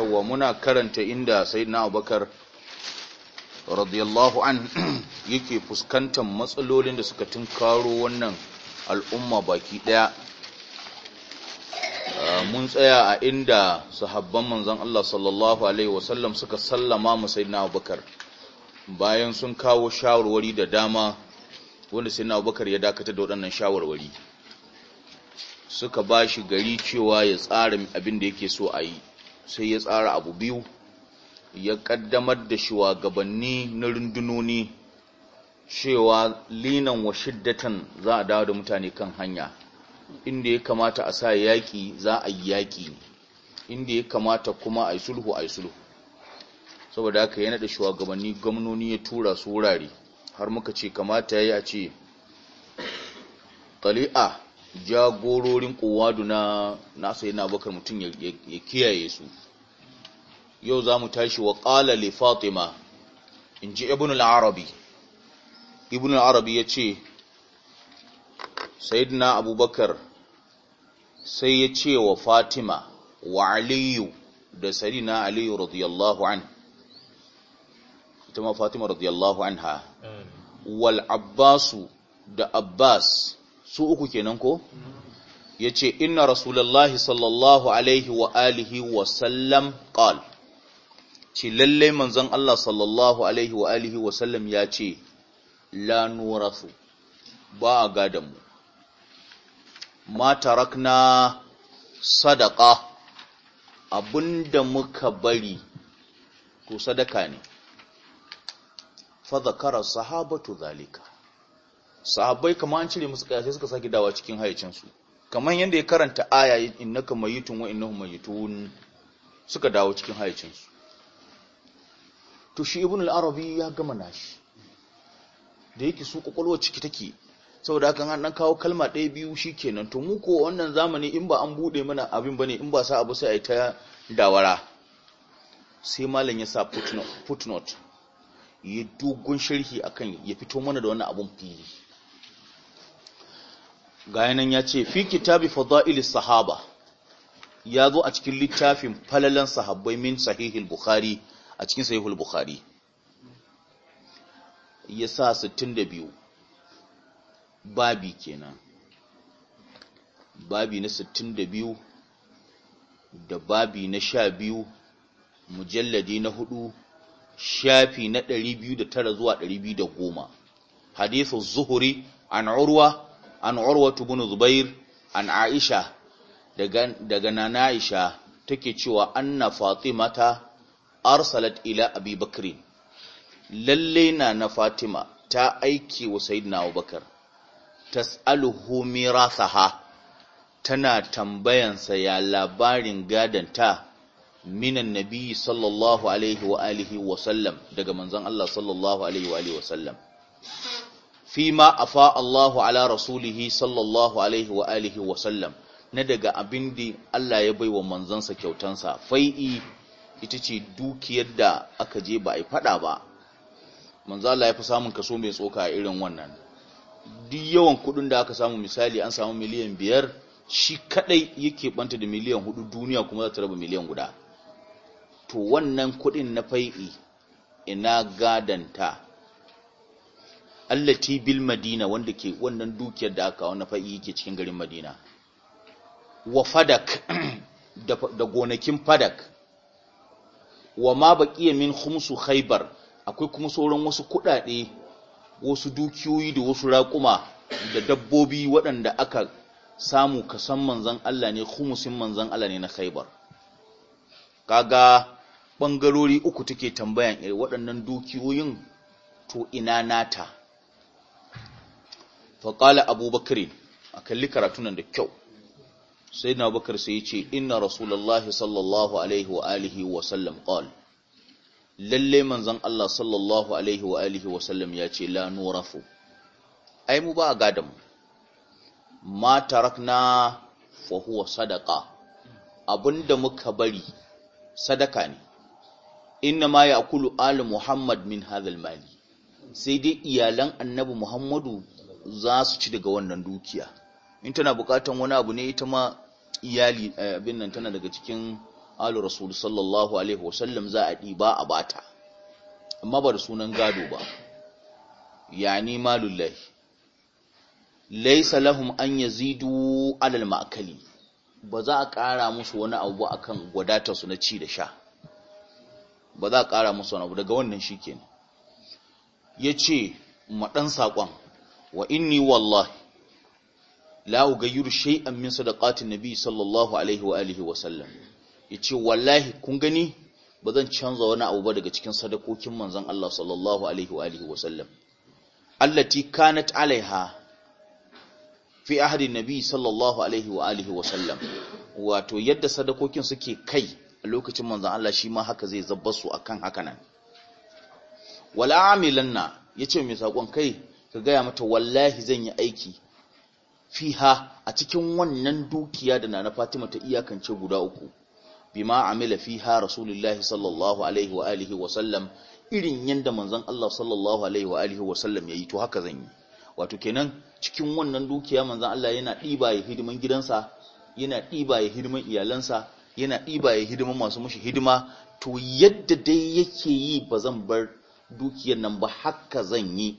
wa muna karanta inda sayyidina abubakar radiyallahu an yake fuskantar matsalolin da suka tunkaro wannan al'umma baki daya ah, mun tsaya a inda sahabban manzon Allah sallallahu alaihi wasallam suka sallama mu sayyidina abubakar bayan sun kawo shawarwari da dama wanda sayyidina abubakar ya dakata da waɗannan shawarwari suka ba shi gari cewa ya tsara abin da yake so a yi sai ya tsara abu biyu ya kaddamar da shugabanni na rundunoni cewa linan wa shiddatan za a dawo da mutane kan hanya inda ya kamata a sa yaƙi za a yi yaƙi inda ya kamata kuma a yi sulhu a yi sulhu saboda haka yana da shugabanni gwamnoni ya tura su wurare har muka ce kamata ya yi a ce tali'a jagororin kowadu na nasa yana bakar mutum ya kiyaye su yau za mu tashi wa ƙala le fatima in ji ibn al'arabi ibn al'arabi ya ce na abubakar sai ya ce wa fatima wa aliyu da na aliyu radiyallahu an ita ma fatima radiyallahu anha wal abbasu da abbas su uku kenan ko ya ce inna rasulullahi sallallahu alaihi wa alihi wa sallam qal ce lallai manzon Allah sallallahu alaihi wa alihi wa sallam ya ce la nurasu ba a gadan mu ma tarakna sadaqa abinda muka bari to sadaka ne fa zakara sahabatu zalika sahabbai kamar an cire musu kaya sai suka sake dawa cikin hayacinsu kamar yadda ya karanta aya innaka mayitun wa innahum mayitun suka dawo cikin hayacinsu to shi ibn al-arabi ya gama nashi da yake su kokolwa ciki take saboda haka an dan kawo kalma ɗaya biyu shikenan to mu ko wannan zamani in ba an bude mana abin bane in ba sa abu sai ai ta dawara sai malam ya sa footnote footnote ya dogon sharhi akan ya fito mana da wannan abun fili ga yanan ya ce fi kitabi fada'il sahaba ya zo a cikin littafin falalan sahabbai min sahihul bukhari a cikin sahihul bukhari ya sa 62 babi kenan babi na 62 da babi na 12 mujalladi na 4 shafi na 209 zuwa 210 hadithu zuhuri an urwa an urwatu bin zubair an aisha daga daga nana aisha take cewa anna fatimata arsalat ila abi bakri lalle na na fatima ta aiki wa sayyidina abubakar tas'aluhu mirasaha tana tambayansa ya labarin gadanta minan nabi sallallahu alaihi wa alihi wa sallam daga manzon Allah sallallahu alaihi wa alihi wa sallam fi ma afa Allahu ala rasulihi sallallahu alaihi wa alihi wa sallam na daga abin da Allah ya baiwa manzansa kyautansa fai'i ita ce dukiyar da aka je ba a yi fada ba manzo Allah ya fi samun kaso mai tsoka irin wannan duk yawan kudin da aka samu misali an samu miliyan biyar shi kadai yake banta da miliyan hudu duniya kuma za ta raba miliyan guda to wannan kudin na fai'i ina gadanta allati bil madina wanda ke wannan dukiyar da aka wani fa'i yake cikin garin madina wa fadak da gonakin fadak wa ma baqiya min khumsu khaybar akwai kuma sauran wasu kuɗaɗe wasu dukiyoyi da wasu raƙuma da dabbobi waɗanda aka samu kasan manzan Allah ne khumusin manzan Allah ne na khaybar kaga bangarori uku take tambayan eh, waɗannan dukiyoyin to ina nata faƙala abubakar a kalli karatunan da kyau sai na bakar sai ya ce inna rasulallahi sallallahu alaihi wa alihi wa sallam ƙal lalle manzan Allah sallallahu alaihi wa alihi wa sallam ya ce la nurafu ai mu ba a gadon ma tarakna fa huwa sadaqa abinda muka bari sadaka ne inna ma ya'kulu Al muhammad min hadha mali sai dai iyalan annabi muhammadu za su ci daga wannan dukiya in tana bukatan wani abu ne ita ma iyali eh, abin nan tana daga cikin alu rasul sallallahu alaihi wasallam za a ɗiba a bata amma ba da sunan gado ba yani malullahi laisa lahum an yazidu alal maakali ba za a ƙara musu wani abu akan wadatar su na ci da sha ba za a ƙara musu wani abu daga wannan shikenan yace ma dan saƙon wa inni wallahi la ugayyir shay'an min sadaqatin nabi sallallahu alaihi wa alihi wa sallam yace wallahi kun gani ba zan canza wani abu ba daga cikin sadakokin manzon Allah sallallahu alaihi wa alihi wa sallam allati kanat alaiha fi ahdi nabi sallallahu alaihi wa alihi wa sallam wato yadda sadakokin suke kai a lokacin manzon Allah shi ma haka zai zabbasu akan haka nan wala amilanna yace mai sakon kai ka gaya mata wallahi zan yi aiki fiha a cikin wannan dukiya da na na Fatima ta iyakance guda uku bima amila fiha rasulullahi sallallahu alaihi wa alihi wa sallam irin yanda manzon Allah sallallahu alaihi wa alihi wa sallam yayi to haka zan yi wato kenan cikin wannan dukiya manzon Allah yana diba ya hidiman gidansa yana diba ya hidiman iyalansa yana diba ya hidiman masu mushi hidima to yadda dai yake yi ba zan bar dukiyar nan ba haka zan yi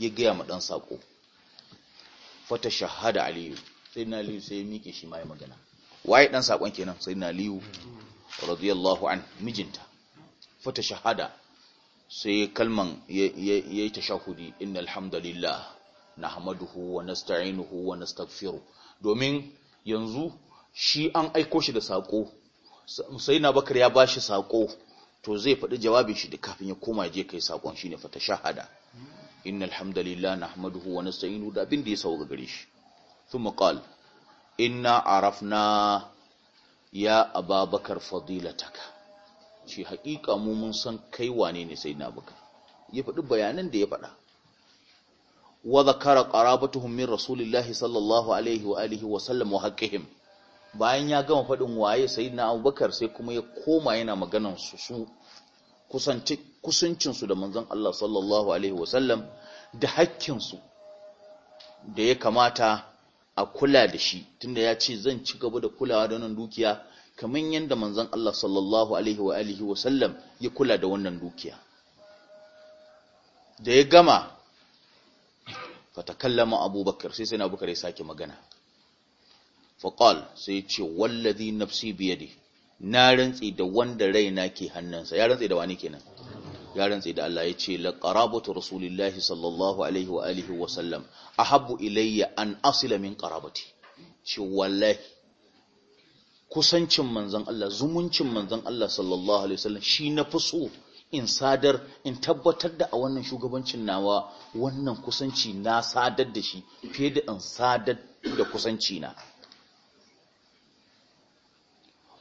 ya gaya ma ɗan saƙo fata shahada aliyu sai na aliyu sai ya miƙe shi ma ya magana waye ɗan saƙon kenan sai na aliyu radiyallahu an mijinta fata shahada sai kalman ya yi tashahudi innal hamdalillah nahmaduhu wa nasta'inuhu wa nastaghfiruh domin yanzu shi an aiko shi da saƙo sai na bakar ya ba shi sako to zai faɗi jawabin shi da kafin ya koma je kai saƙon shine fata shahada innal hamdalillah nahmaduhu wa nasta'inuhu da abin da ya sauka gare shi thumma qala inna arafna ya ababakar fadilataka shi haƙiƙa mu mun san kai wane ne sayyidina abubakar ya faɗi bayanan da ya faɗa wa zakara qarabatuhum min rasulillahi sallallahu alaihi wa alihi wa sallam wa haqqihim bayan ya gama faɗin waye sayyidina abubakar sai kuma ya koma yana maganan su su kusanci kusancinsu da manzon Allah sallallahu alaihi wasallam da hakkinsu da ya kamata a kula da shi tunda ya ce zan ci gaba da kulawa da wannan dukiya kamar yadda manzon Allah sallallahu alaihi wasallam ya kula da wannan dukiya da ya gama fatakallama abubakar sai sai na abubakar ya sake magana faƙal sai ya ce wallazi nafsi biyade na rantsi da wanda raina ke hannunsa ya rantsi da wani kenan ya rantsa da Allah ya ce la qarabatu rasulillahi sallallahu alaihi wa alihi wa sallam ahabbu ilayya an asila min qarabati ce wallahi kusancin manzon Allah zumuncin manzon Allah sallallahu alaihi wa sallam shi na so in sadar in tabbatar da a wannan shugabancin nawa wannan kusanci na sadar da shi fiye da in sadar da kusanci na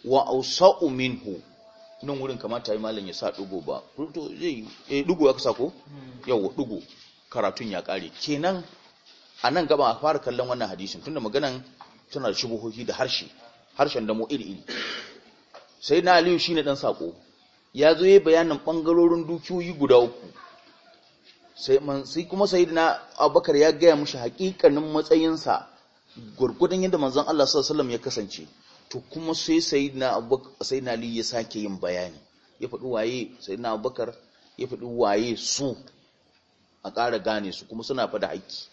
wa ausa'u minhu nan wurin kamata yi malam ya sa dugo ba to zai yi dugo eh, ya kasa ko Yawo, dugo karatun ya kare kenan a nan gaba a fara kallon wannan hadisin tunda maganan tana da shubuhohi da harshe harshen da iri iri sai na aliyu shine dan sako ya zo yi bayanin bangarorin dukiyoyi guda uku sai man sai kuma sayyidina Abakar ya gaya mushi hakikanin matsayinsa gurgudun yadda manzon Allah sallallahu ya kasance to kuma sai sayyidina abubakar sayyidina ali ya sake yin bayani ya faɗi waye sayyidina abubakar ya faɗi waye su a ƙara gane su kuma suna fada haƙƙi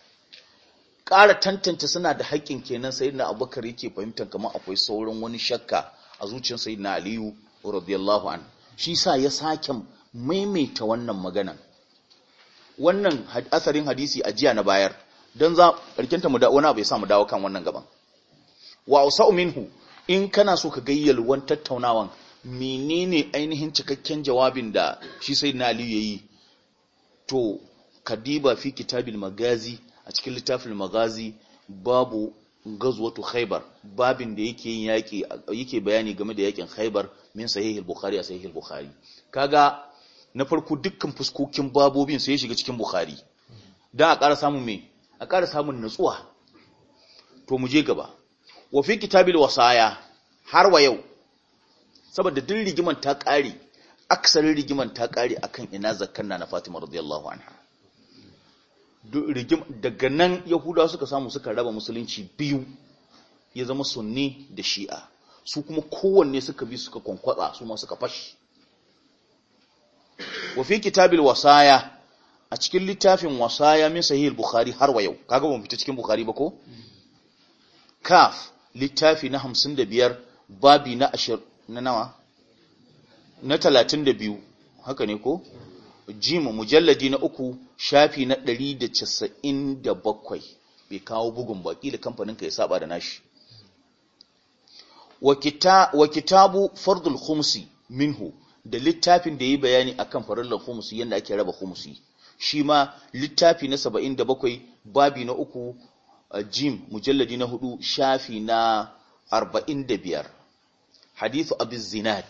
ƙara tantance suna da haƙƙin kenan sayyidina abubakar yake fahimtar kamar akwai sauran wani shakka a zuciyar sayyidina aliyu radiyallahu an shi sa ya sake maimaita wannan magana. wannan asarin hadisi a jiya na bayar don za ƙarkinta mu da wani abu ya sa mu dawo kan wannan gaban wa usau minhu in kana so ka gayyalwan tattaunawan menene ainihin cikakken jawabin da shi sai na aliyu ya yi to kadiba fi kitabil magazi a cikin littafin magazi babu gazwatu haibar. babin da yake yin yaƙi yake bayani game da yakin haibar, min sahih bukhari a sahih bukhari kaga na farko dukkan fuskokin babobin sai ya shiga cikin bukhari don a ƙara samun me a ƙara samun natsuwa to mu je gaba wa fi kitabil wasaya har wa yau saboda duk rigiman ta kare aksarin rigiman ta kare akan ina zakkan na Fatima radiyallahu anha daga nan yahuda suka samu suka raba musulunci biyu ya zama sunni da shi'a su kuma kowanne suka bi suka kwankwatsa su ma suka fashi wa fi kitabil wasaya a cikin littafin wasaya min sahih bukhari har wa yau kaga ban fita cikin bukhari ba ko kaf littafi na hamsin da biyar, babi na ashir na nawa na talatin da biyu haka ne ko jima mujalladi na uku shafi na da da casa'in bakwai. bai kawo bugun baƙi da kamfaninka ya saba da nashi wa kitabu fardul khumsi minhu da littafin da yi bayani akan farallan khumsi yadda ake raba khumsi shi ma littafi na saba'in da bakwai, babi na uku jim mujalladi na hudu shafi na 45 hadithu abi zinad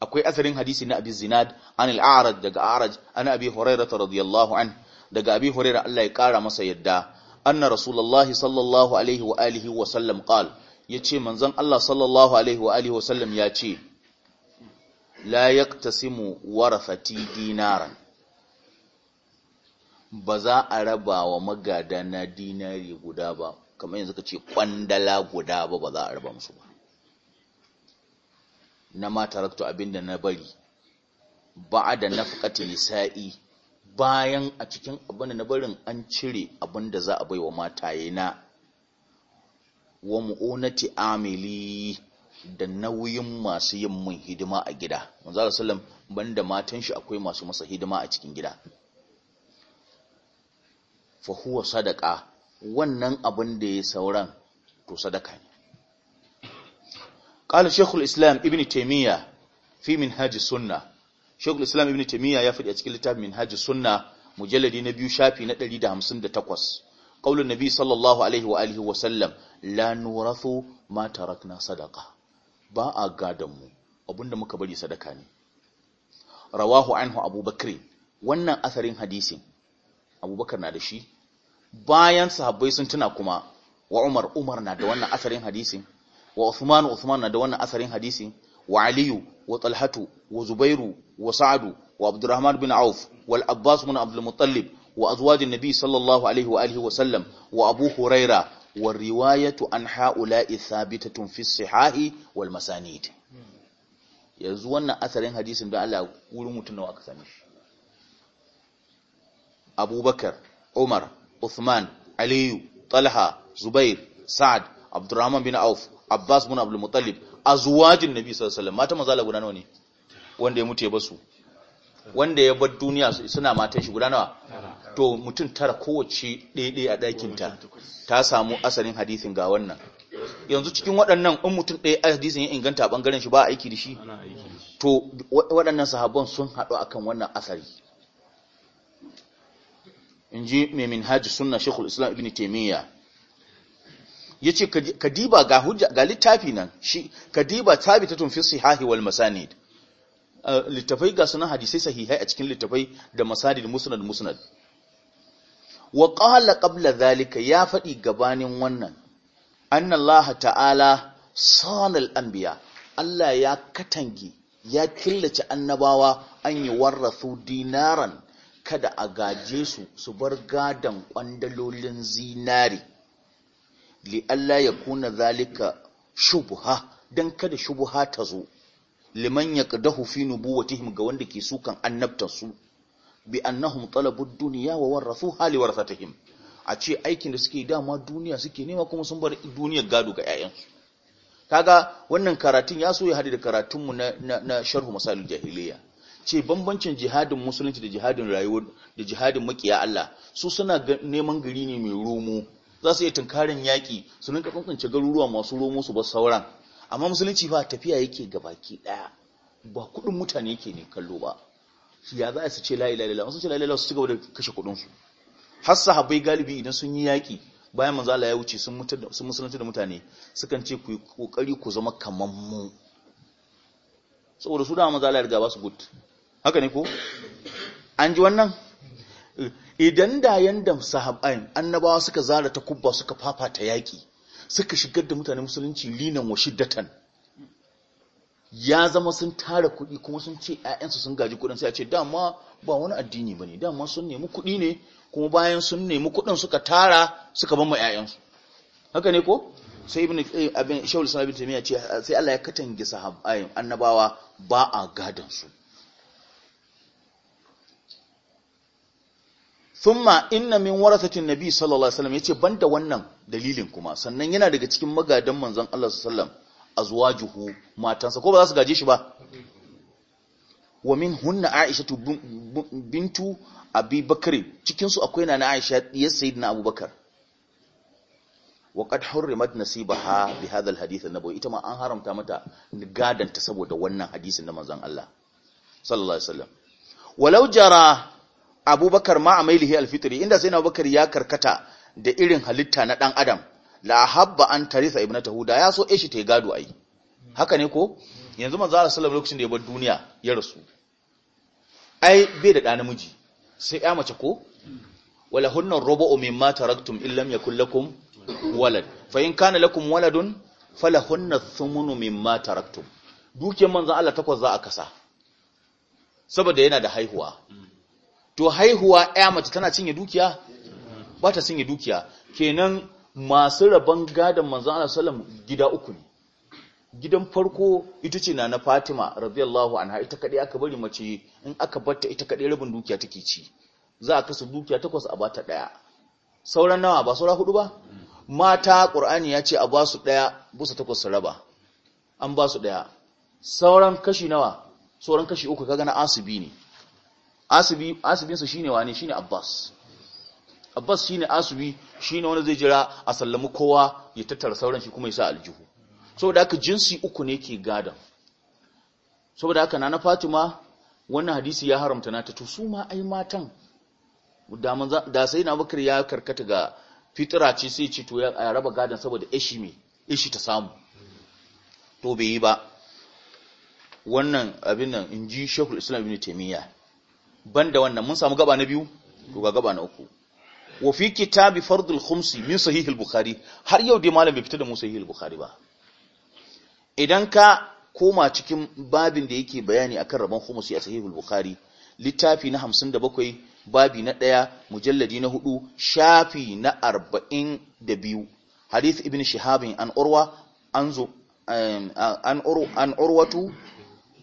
akwai asarin hadisi na abi zinad an al-a'raj daga a'raj ana abi hurairah radiyallahu an daga abi hurairah Allah ya kara masa yadda anna rasulullahi sallallahu alaihi wa alihi wa sallam qala yace manzon Allah sallallahu alaihi wa alihi wa sallam yace la yaqtasimu warathati dinaran ba za a raba wa magada na dinari guda ba kamar yanzu ka ce kwandala guda ba ba za a raba musu ba na mata rakto abinda na bari ba da fukata nisa'i bayan a cikin abinda na barin an cire abinda za a bai wa mataye na wa mu'unati amili da nauyin masu yin mun hidima a gida manzo sallam banda matan shi akwai masu masa hidima a cikin gida fa huwa sadaka wannan abin da ya sauran to sadaka ne qala shaykhul islam ibn taymiya fi haji sunna shaykhul islam ibn taymiya ya faɗi a cikin littafin haji sunna mujalladi na biyu shafi na 158 qaulun nabi sallallahu alaihi wa alihi wa sallam la nurathu ma tarakna sadaka. ba a gadan mu abinda muka bari sadaka ne rawahu anhu abubakar wannan asarin hadisin abubakar na da shi bayan sahabbai sun tuna kuma wa Umar Umar na da wannan asarin hadisi wa Uthman Uthman na da wannan asarin hadisi wa Aliyu wa Talhatu wa Zubairu wa Sa'adu wa Abdurrahman bin Auf wal Abbas bin Abdul Muttalib wa azwajin Nabi sallallahu alaihi wa alihi wa sallam wa Abu Huraira wa riwayatu an haula'i thabitatun fi sihahi wal masanid yanzu wannan asarin hadisin da Allah wurin mutun nawa aka same shi Abubakar Umar Uthman, Aliyu, Talha, Zubair, Sa'ad, Abdurrahman bin Auf, Abbas bin Abdul Muttalib, azwajin Nabi sallallahu alaihi wasallam. Mata maza la guda nawa ne? Wanda ya mutu ya basu. Wanda ya bar duniya suna matan shi guda nawa? To mutum tara kowace daidai a ɗakin ta. Ta samu asalin hadisin ga wannan. Yanzu cikin waɗannan in mutum ɗaya hadisin ya inganta a bangaren shi ba aiki da shi. To waɗannan sahabban sun haɗu akan wannan asari. in ji mai hajji suna shekul islam ibn taimiyya ya ce kadiba ga ga littafi nan shi kadiba tun fi sihahi wal masanid littafai ga suna hadisai sahihai a cikin littafai da masanid musnad musnad wa qala qabla zalika ya fadi gabanin wannan anna allah ta'ala sanal anbiya allah ya katangi ya killace annabawa an yi warrasu dinaran kada a gaje su su bar gadon ƙwandalolin zinari li Allah ya kuna zalika shubuha, don kada shubha ta zo liman kada hufi nubuwatihim ga wanda ke sukan annabtar su bi annahum talabu duniya wa warathu hali warasatihim a ce aikin da suke dama duniya suke nema kuma sun bar duniyar gado ga 'ya'yansu kaga wannan karatun ya so ya hade da karatunmu na sharhu masalul jahiliya ce bambancin jihadin musulunci da jihadin rayuwar da jihadin makiya Allah su suna neman gari ne mai romo za su iya tunkarin yaƙi su rinka tsuntsunce garuruwa masu romo su ba sauran amma musulunci ba tafiya yake gabaki ɗaya ba kuɗin mutane yake ne kallo ba ya za su ce la ilaha ce la su ci gaba da kashe kuɗin su har sahabbai galibi idan sun yi yaƙi bayan manzo ya wuce sun musulunci da mutane sukan ce ku yi kokari ku zama kamar mu saboda su da manzo Allah ya riga ba su good haka ne ko an ji wannan idan da yanda sahabbai annabawa suka zara ta kubba suka fafata yaki suka shigar da mutane musulunci linan wa shiddatan ya zama sun tara kuɗi kuma sun ce ‘ya'yansu sun gaji kuɗin sai a ce dama ba wani addini ba ne dama sun nemi kuɗi ne kuma bayan sun nemi kuɗin suka tara suka ban ma ‘ya'yansu haka ne ko sai ibn eh, abin shawul sanabi ta miya ce sai Allah ya katange sahabbai annabawa ba a gadan su thumma inna min warasatin nabi sallallahu alaihi wasallam yace banda wannan dalilin kuma sannan yana daga cikin magadan manzon Allah sallallahu alaihi wasallam azwajuhu matansa ko ba za su gaje shi ba wa min hunna aishatu bintu abi cikinsu cikin akwai nana aisha diyar na abubakar wa kad hurrimat nasibaha bi hadha alhadith annabawi ita ma an haramta mata gadanta saboda wannan hadisin na manzon Allah sallallahu alaihi wasallam walau jara abubakar ma amailihi alfitri inda sai na abubakar ya karkata da irin halitta na ɗan adam la habba an tarisa ibnatahu da ya so ishi ta gado ai haka ne ko yanzu manzo Allah sallallahu lokacin da ya bar duniya ya rasu ai bai da ɗan namiji sai ya mace ko wala hunna rubu'u mimma taraktum illam yakul lakum walad fa in kana lakum waladun falahunna ma mimma taraktum dukiyar manzo Allah takwas za a kasa saboda yana da haihuwa to haihuwa ya mace tana cinye dukiya ba ta cinye dukiya kenan masu rabon gadon manzon Allah salam gida uku ne gidan farko ita ce na na Fatima radiyallahu anha ita kadai aka bari mace in aka batta ita kadai rabin dukiya take ci za a kasu dukiya takwas a bata daya sauran nawa ba saura hudu ba mata qur'ani ya ce a ba su daya busa takwas su raba an ba su daya sauran kashi nawa sauran kashi uku kaga na asibi ne asibi asibinsa shine wane shine abbas abbas shine asibi shine wanda zai jira a sallamu kowa ya tattara sauran shi kuma ya sa aljihu saboda haka jinsi uku ne ke gadon. saboda haka nana fatima wannan hadisi ya haramta nata to su ma ai matan da sai na bakar ya karkata ga fitira ce sai ce to ya raba gadon saboda ishi me ishi ta samu to bai yi ba wannan abin nan inji shekul islam ibn taymiya banda wannan mun samu gaba na biyu to ga gaba na uku wa fi kitabi fardul khumsi min sahihil bukhari har yau dai malam bai fita da mu sahihil bukhari ba idan ka koma cikin babin da yake bayani akan rabon khumsi a sahihil bukhari littafi na 57 babi na 1 mujalladi na 4 shafi na 42 hadith ibn shihab an urwa an zu an urwatu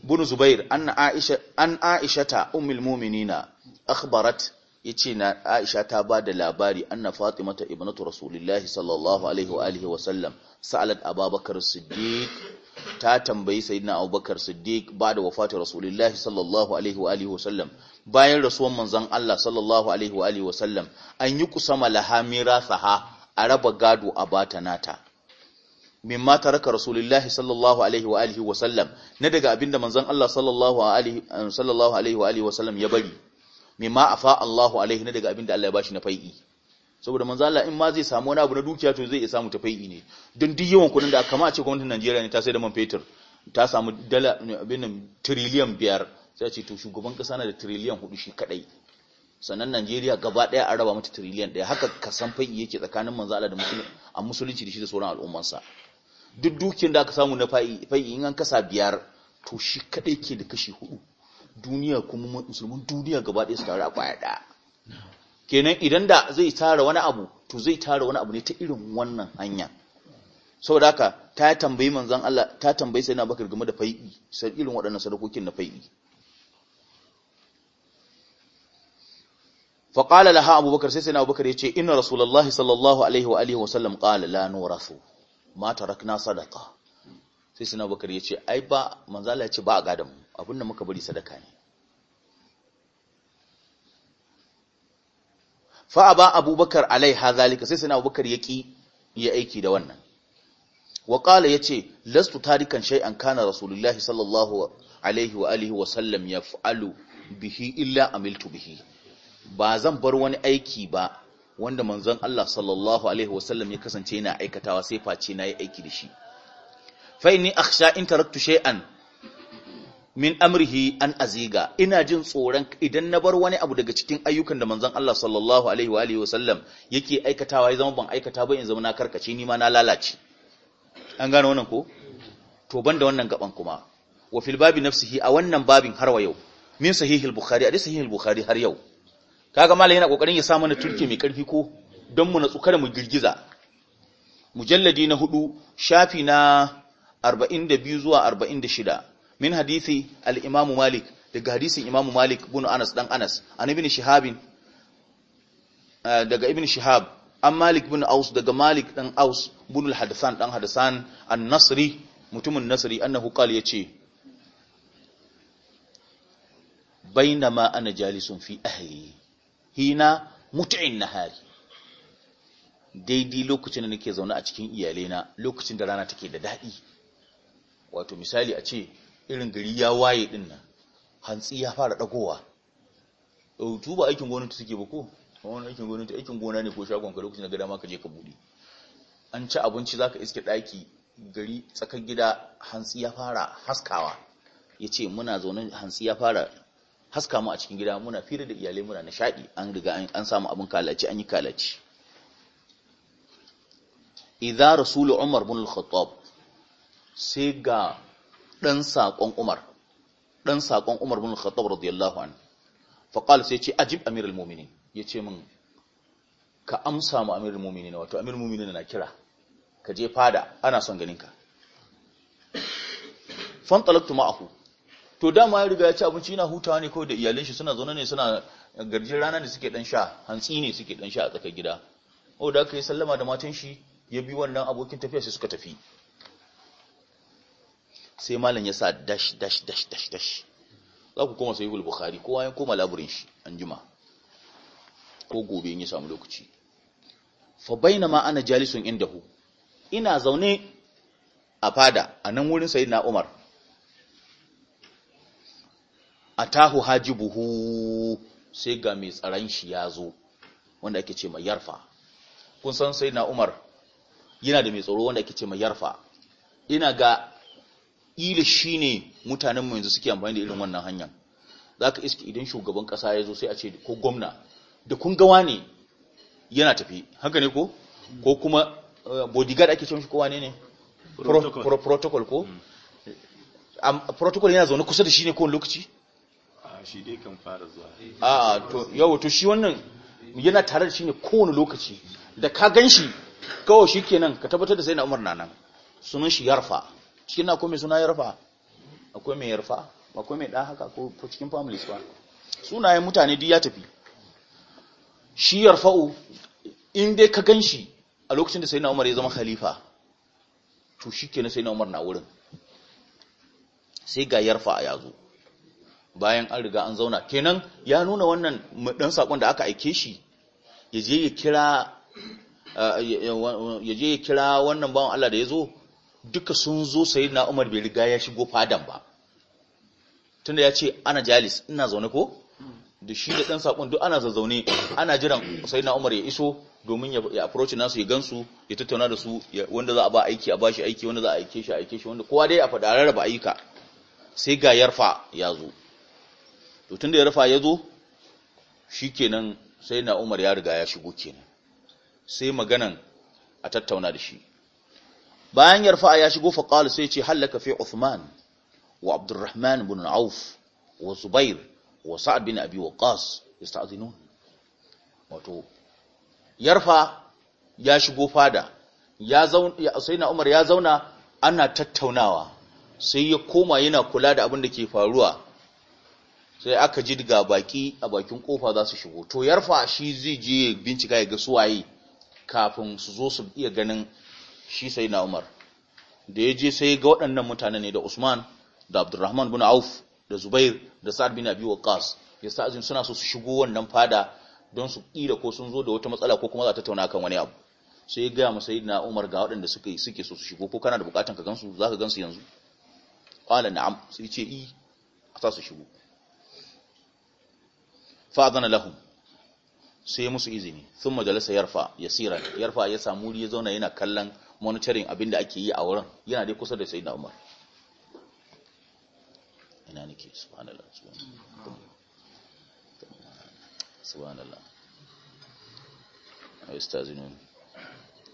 bin Zubair anna Aisha an Aishata ummul akbarat. akhbarat yace na Aisha ta ba da labari anna Fatimata ibnatu Rasulillahi sallallahu alaihi wa wa sallam sa'alat Abubakar Siddiq ta tambayi sayyidina Abubakar Siddiq ba da wafatin Rasulillahi sallallahu alaihi wa wa sallam bayan rasuwan manzon Allah sallallahu alaihi wa alihi wa sallam an yi kusama laha mirasaha a raba gado a bata nata mimma taraka rasulullahi sallallahu alaihi wa alihi wa sallam na daga abinda manzon Allah sallallahu alaihi eh, sallallahu alaihi wa alihi wa sallam ya bari mimma afa Allahu alaihi na daga abinda Allah ya bashi na fai'i saboda manzon Allah in ma zai samu wani abu na dukiya to zai iya samu ta fai'i ne don duk yawan kudin da kama a ce gwamnatin Najeriya ne ta sai da man fetur ta samu dala abin nan trillion biyar sai ce to shugaban kasa na da trillion hudu shi kadai sannan Najeriya gaba daya an raba mata trillion daya haka kasan fai'i yake tsakanin manzon Allah da musulunci da shi da sauran sa duk dukiyar da aka samu na fa'i in an kasa biyar to shi kadai ke da kashi hudu duniya kuma musulmin duniya gaba ɗaya su tare a kwaya ɗaya kenan idan da zai tara wani abu to zai tara wani abu ne ta irin wannan hanya saboda haka ta tambayi manzon Allah ta tambayi sai na bakar game da fa'i sai irin waɗannan sadakokin na fai'i فقال لها ابو بكر سيدنا ابو بكر yace inna rasulullahi sallallahu alaihi wa alihi wa sallam qala la nurathu Mata rakna sadaka, sai suna bakar ya ce, ai ba manzala ya ce ba a gadan mu abinda muka bari sadaka ne fa ba abubakar alai ha zalika sai suna abubakar yaki ya aiki da wannan waƙala ya yace lastu tarikan shaian kana rasulullahi sallallahu alaihi wa alihi wa sallam ya yaf'alu bihi illa amiltu bihi ba zan bar wani aiki ba wanda manzon Allah sallallahu alaihi wasallam ya kasance yana aikatawa sai face na yi aiki da shi fa inni akhsha in taraktu shay'an min amrihi an aziga ina jin tsoron idan na bar wani abu daga cikin ayyukan da manzon Allah sallallahu alaihi wa alihi wasallam yake aikatawa ya zama ban aikata ba in zama na karkace ni ma na lalace an gane wannan ko to banda wannan gaban kuma wa fil babi nafsihi a wannan babin har wa yau min sahihil bukhari a sahihil bukhari har yau kaga malai yana kokarin ya sa mana turke mai karfi ko don mu natsu kada mu girgiza mujalladi na hudu shafi na 42 zuwa 46 min hadisi al-imamu malik daga hadisin imamu malik bin anas dan anas an ibn shihabin eh, daga ibn shihab an malik bin aus daga malik dan aus bin al-hadasan dan hadasan an-nasri mutumin nasri annahu qala yace bainama ana jalisun fi ahli hina mutu'in nahari daidai lokacin da nake zaune a cikin iyalena lokacin da rana take da daɗi wato misali a ce irin gari ya waye din nan hantsi ya fara dagowa tu ba aikin ta suke ba ko wani aikin gwamnati aikin gona ne ko shagon ka lokacin da gada ma ka je ka bude an ci abinci zaka iske daki gari tsakar gida hantsi ya fara haskawa yace muna zaune hantsi ya fara haska mu a cikin gida muna fira da iyalai muna nishadi an riga an samu abin kalaci an yi kalaci idza rasulu umar bin al-khattab sai ga dan sakon umar dan sakon umar bin al-khattab radiyallahu anhu fa qala sai ce ajib amirul mu'minin yace min ka amsa mu amir amirul mu'minin wato al mu'minin na kira ka je fada ana son ganin ka fantalaktu ma'ahu to dama ya riga ya ci abinci yana hutawa ne kawai da iyalin shi suna zaune ne suna garjin rana da suke dan sha hantsi ne suke dan sha a tsakar gida o da aka yi sallama da matan shi ya bi wannan abokin tafiya sai suka tafi sai malam ya sa dash dash dash dash dash za ku koma sai bukhari kowa ya koma laburin shi an anjima ko gobe in ya samu lokaci fa ma ana jalisun indahu ina zaune a fada a nan wurin sayyidina umar atahu hajibuhu sai ga mai tsaron shi ya zo wanda ake ce mai yarfa kun san sai na umar yana da mai tsaro wanda ake ce mai yarfa ina ga ila shi ne mutanenmu yanzu suke amfani da irin wannan hanyar za ka iske idan shugaban kasa ya zo sai a ce ko gwamna da kun gawa ne yana tafi haka ne ko ko kuma eh, bodyguard ake ce shi kowa ne ne protocol ko mm. protocol yana zaune kusa da shi ne kowane lokaci shi dai kan fara zuwa a to yau to shi wannan yana tare da shi ne kowane lokaci da ka gan shi kawai shi kenan ka tabbatar da sai na umar na nan sunan shi yarfa cikin akwai mai suna yarfa akwai mai yarfa akwai mai ɗan haka ko cikin families ba sunayen mutane duk ya tafi shi yarfa'u in dai ka gan shi a lokacin da sai na umar ya zama khalifa to shi kenan sai na umar na wurin sai ga yarfa a yazo bayan an riga an zauna kenan ya nuna wannan dan sakon da aka aike shi ya je ya kira wannan bawan Allah da ya zo duka sun zo sayyidina Umar bai riga ya shigo fadan ba tunda ya ce ana jalis ina zaune ko da shi da dan sakon duk ana zazzaune ana jiran sayyidina Umar ya iso domin ya approach nasu ya gansu ya tattauna da su wanda za a ba aiki a bashi aiki wanda za a aike shi a aike shi wanda kowa dai a fada rarraba ayyuka sai ga yarfa ya zo to tunda ya rufa ya zo shi kenan sai na Umar ya riga ya shigo kenan sai maganan a tattauna da shi bayan yarfa ya shigo fa qala sai ce halaka fi Uthman wa Abdurrahman ibn Auf wa Zubair wa Sa'ad bin Abi waqas yasta'dinun wato yarfa ya shigo fada ya zauna na Umar ya zauna ana tattaunawa sai ya koma yana kula da abin da ke faruwa sai aka ji daga baki a bakin kofa za su shigo to yarfa shi zai je bincika ya ga suwaye kafin su zo su iya ganin shi sai na Umar da ya je sai ga waɗannan mutane ne da Usman da Abdurrahman bin Auf da Zubair da Sa'ad bin Abi waqas ya sa azin suna so su shigo wannan fada don su kira ko sun zo da wata matsala ko kuma za ta tauna kan wani abu sai ya gaya masa sayyidina Umar ga waɗanda suke suke so su shigo ko kana da bukatan ka gansu zaka gansu yanzu qala na'am sai ce i a sa su shigo fa'adana lahum sai musu izini sun majalisa yarfa yasiran yarfa ya samu ya zauna yana kallon monitoring abin da ake yi a wurin yana dai kusa da sayyidina umar ina nake subhanallah subhanallah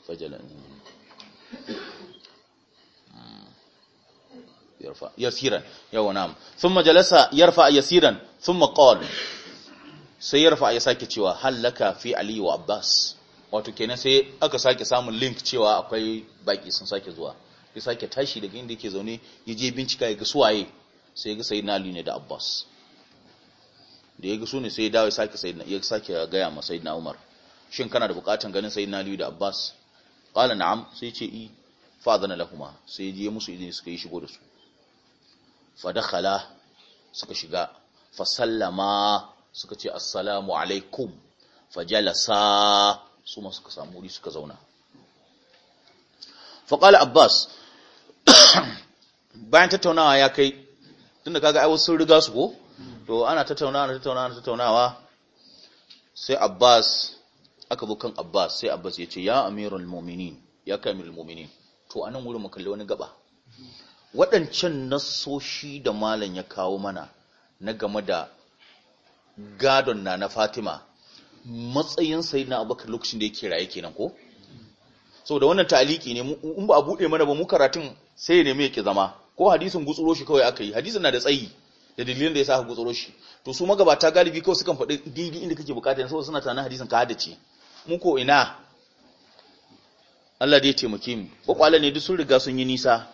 fajalan hmm. yarfa yasiran yawa na'am thumma jalasa yarfa yasiran thumma qala sai ya rafa ya sake cewa hallaka fi aliyu wa abbas wato kenan sai aka sake samun link cewa akwai baki sun sake zuwa ya sake tashi daga inda yake zaune ya je bincika ya ga suwaye sai ya ga sayyidina ali ne da abbas da ya ga su ne sai ya dawo ya sake sayyidina ya sake gaya ma sayyidina umar shin kana da bukatan ganin sayyidina ali da abbas qala na'am sai ya ce i fa lahuma sai ya je musu izini suka yi shigo da su fa dakhala suka shiga fa sallama suka ce assalamu alaikum fajalasa su ma suka samu wuri suka zauna faƙala abbas bayan tattaunawa ya kai tunda kaga ai wasu sun riga su ko to ana tattaunawa ana tattaunawa ana tattaunawa sai abbas aka zo kan abbas sai abbas ya ce ya amirul mu'minin ya kai amirul mu'minin to anan wurin mu kalli wani gaba waɗancan nasoshi da malam ya kawo mana na game da gadon na na Fatima matsayin sai na abokan lokacin da yake raye kenan ko da wannan taliki ne in ba a bude mana ba mu karatun sai ya nemi yake zama ko hadisin gutsuro shi kawai aka yi hadisin na da tsayi da dalilin da ya sa aka gutsuro shi to su magabata galibi kawai sukan faɗi daidai inda kake bukata saboda suna tunanin hadisin ka ce. mu ko ina Allah dai taimake mu kwakwale ne duk sun riga sun yi nisa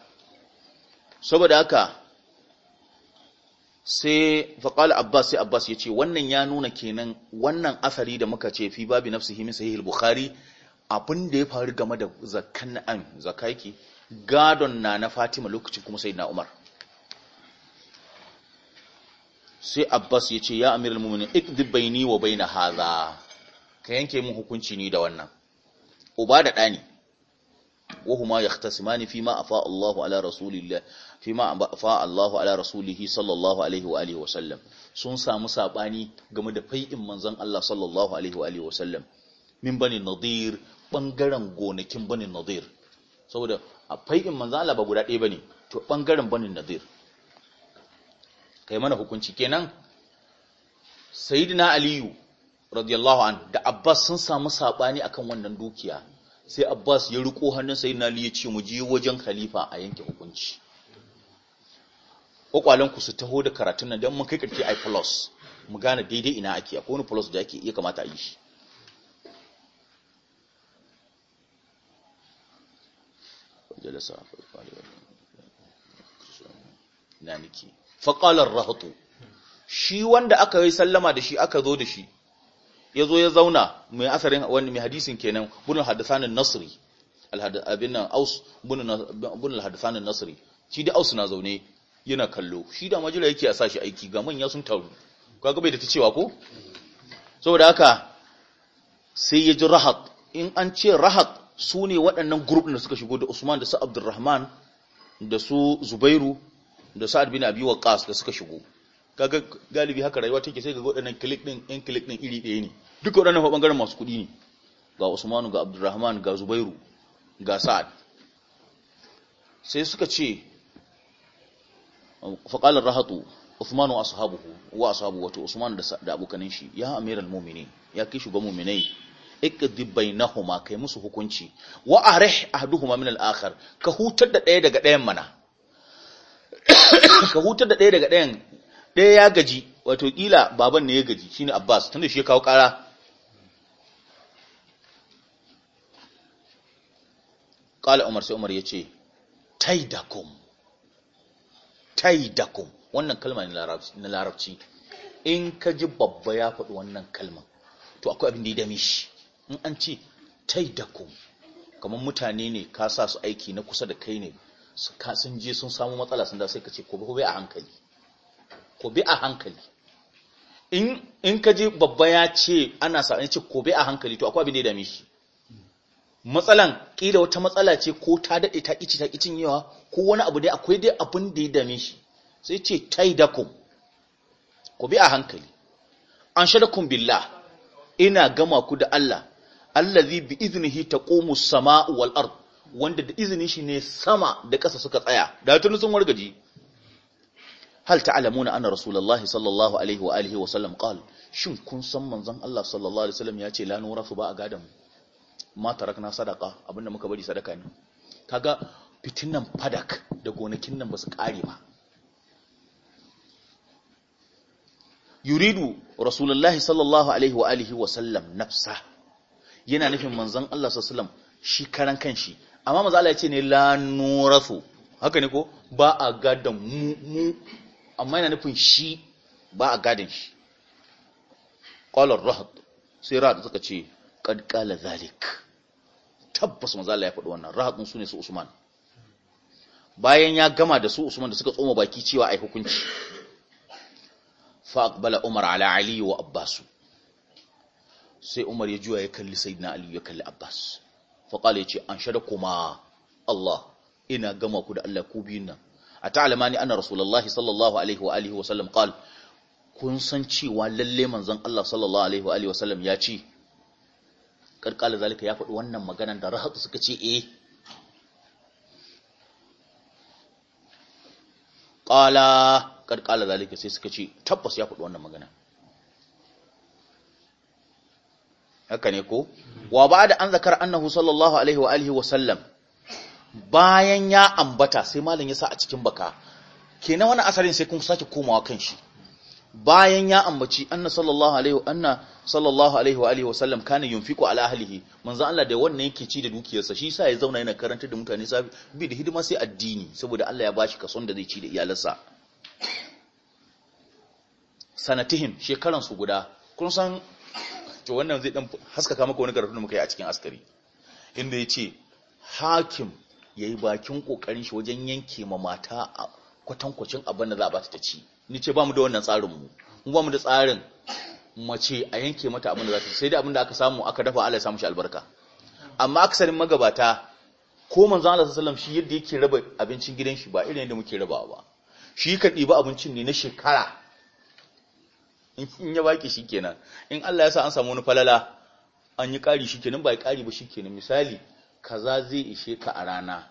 saboda haka sai faƙal abbas sai abbas ya ce wannan ya nuna kenan wannan asari da muka ce fi babi nafsihi himin sahih bukhari abin da ya faru game da zakkan na'am zakaki gadon na na fatima lokacin kuma sai na umar sai abbas ya ce ya amir amiral mu'minin ikdib baini wa baina haza. ka yanke min hukunci ni da wannan uba da ɗani وهما يختصمان فيما أفاء الله على رسول الله فيما أفاء الله على رسوله صلى الله عليه وآله وسلم sun samu sabani game da fai'in manzon Allah sallallahu alaihi wa alihi wasallam min bani nadir bangaren gonakin bani nadir saboda a fai'in manzon Allah ba guda ɗaya bane to bangaren bani nadir kai mana hukunci kenan sayyidina aliyu radiyallahu anhu da abbas sun samu sabani akan wannan dukiya sai Abbas ya riko hannun sai na ya ce mu je wajen khalifa a yanke hukunci kwakwalen ku su taho da karatun nan don mun kai karki ai plus mu gane daidai ina ake akwai wani plus da ake iya kamata a yi shi faƙalar shi wanda aka yi sallama da shi aka zo da shi ya zo ya zauna mai asarin wani mai hadisin kenan bunin hadisanin nasri abin nan aus bunin hadisanin nasri shi da aus na zaune yana kallo shi da majira yake a sashi aiki ga manya sun taru Ka bai da ta cewa ko saboda haka sai ya ji rahat in an ce rahat su ne waɗannan gurbin da suka shigo da usman da su abdurrahman da su zubairu da su bin abi da suka shigo kaga galibi haka rayuwa take sai ga waɗannan click din in iri ɗaya ne duka waɗannan fa bangaren masu kuɗi ne ga Usmanu ga Abdurrahman ga Zubairu ga Sa'ad sai suka ce faqala rahatu Usmanu wa ashabuhu wa ashabu wato Usman da da abokanin shi ya amiral mumini ya kai shugaban mu'minai iqdi bainahuma kai musu hukunci wa arih ahduhuma min al-akhar ka hutar da ɗaya daga ɗayan mana ka hutar da ɗaya daga ɗayan ɗaya ya gaji wato kila baban ne ya gaji shine Abbas tunda shi ya kawo ƙara qala umar sai umar ya ce taidakum taidakum wannan kalma ne na larabci in ka ji babba ya faɗi wannan kalman to akwai abin da ya dame shi in an ce taidakum kamar mutane ne ka sa su aiki na kusa da kai ne sun je sun samu matsala sun da sai ka ce ko bi a hankali ko bi a hankali in ka ji babba ya ce ana sa ce ko bi a hankali to akwai abin da ya dame shi matsalan kila wata matsala ce ko ta daɗe ta kici ta kicin yawa ko wani abu dai akwai dai abun da ya dame shi sai ce taidakum ku bi a hankali an shadakum billah ina gama ku da Allah allazi bi iznihi taqumu as wal ard wanda da izinin shi ne sama da ƙasa suka tsaya da tun sun wargaji hal ta'lamuna anna rasulullahi sallallahu alaihi wa alihi wa sallam qala shin kun san manzon Allah sallallahu alaihi wasallam ya ce la nurafu ba a gadan mu ma na sadaka abinda muka bari sadaka ne kaga fitinan fadak da gonakin nan ba su kare ba yuridu rasulullahi sallallahu alaihi wa alihi wa sallam nafsa yana nufin manzon Allah sallallahu shi karan kanshi amma manzo Allah ya ce ne la nurasu haka ne ko ba a gadan mu amma yana nufin shi ba a gadan shi qala ar-rahd sai suka ce qad qala zalik tabbas manzo Allah ya faɗi wannan rahatun su ne su Usman bayan ya gama da su Usman da suka tsoma baki cewa ai hukunci fa aqbala Umar ala Ali wa Abbas sai Umar ya juya ya kalli Sayyidina Ali ya kalli Abbas fa qala yace an shada kuma Allah ina gama ku da Allah ku biyun nan a ata'lamani anna rasulullahi sallallahu alaihi wa alihi wa sallam qala kun san cewa lalle manzon Allah sallallahu alaihi wa alihi wa sallam ya ce karkala zalika ya faɗi wannan maganan da rahatu suka ce eh Ƙala karkala zalika sai suka ce tabbas ya faɗi wannan magana haka ne ko wa ba'da an zakar annahu sallallahu alaihi wa alihi wa sallam bayan ya ambata sai malam ya sa a cikin baka kenan wannan asarin sai kun sake komawa kan shi bayan ya ambaci anna sallallahu alaihi anna sallallahu alaihi wa alihi wasallam kana yunfiku ala ahlihi manzo Allah da wannan yake ci da dukiyarsa shi yasa ya zauna yana karanta da mutane sabi bi da hidima sai addini saboda Allah ya bashi kason da zai ci da iyalansa sanatihim shekaran su guda kun san to wannan zai dan haskaka maka wani karatu da muka yi a cikin askari inda yace hakim yayi bakin kokarin shi wajen yanke ma mata kwatankwacin abin da za a bata ta ci ni ce ba mu da wannan tsarin mu mu ba mu da tsarin mace a yanke mata abin da za ta sai dai abin da aka samu aka dafa Allah ya samu shi albarka amma aksarin magabata ko manzon Allah sallallahu alaihi wasallam shi yadda yake raba abincin gidan shi ba irin yadda muke rabawa ba shi ka diba abincin ne na shekara in ya baki shikenan in Allah ya sa an samu wani falala an yi ƙari shikenan ba ya ƙari ba shikenan misali kaza zai ishe ka a rana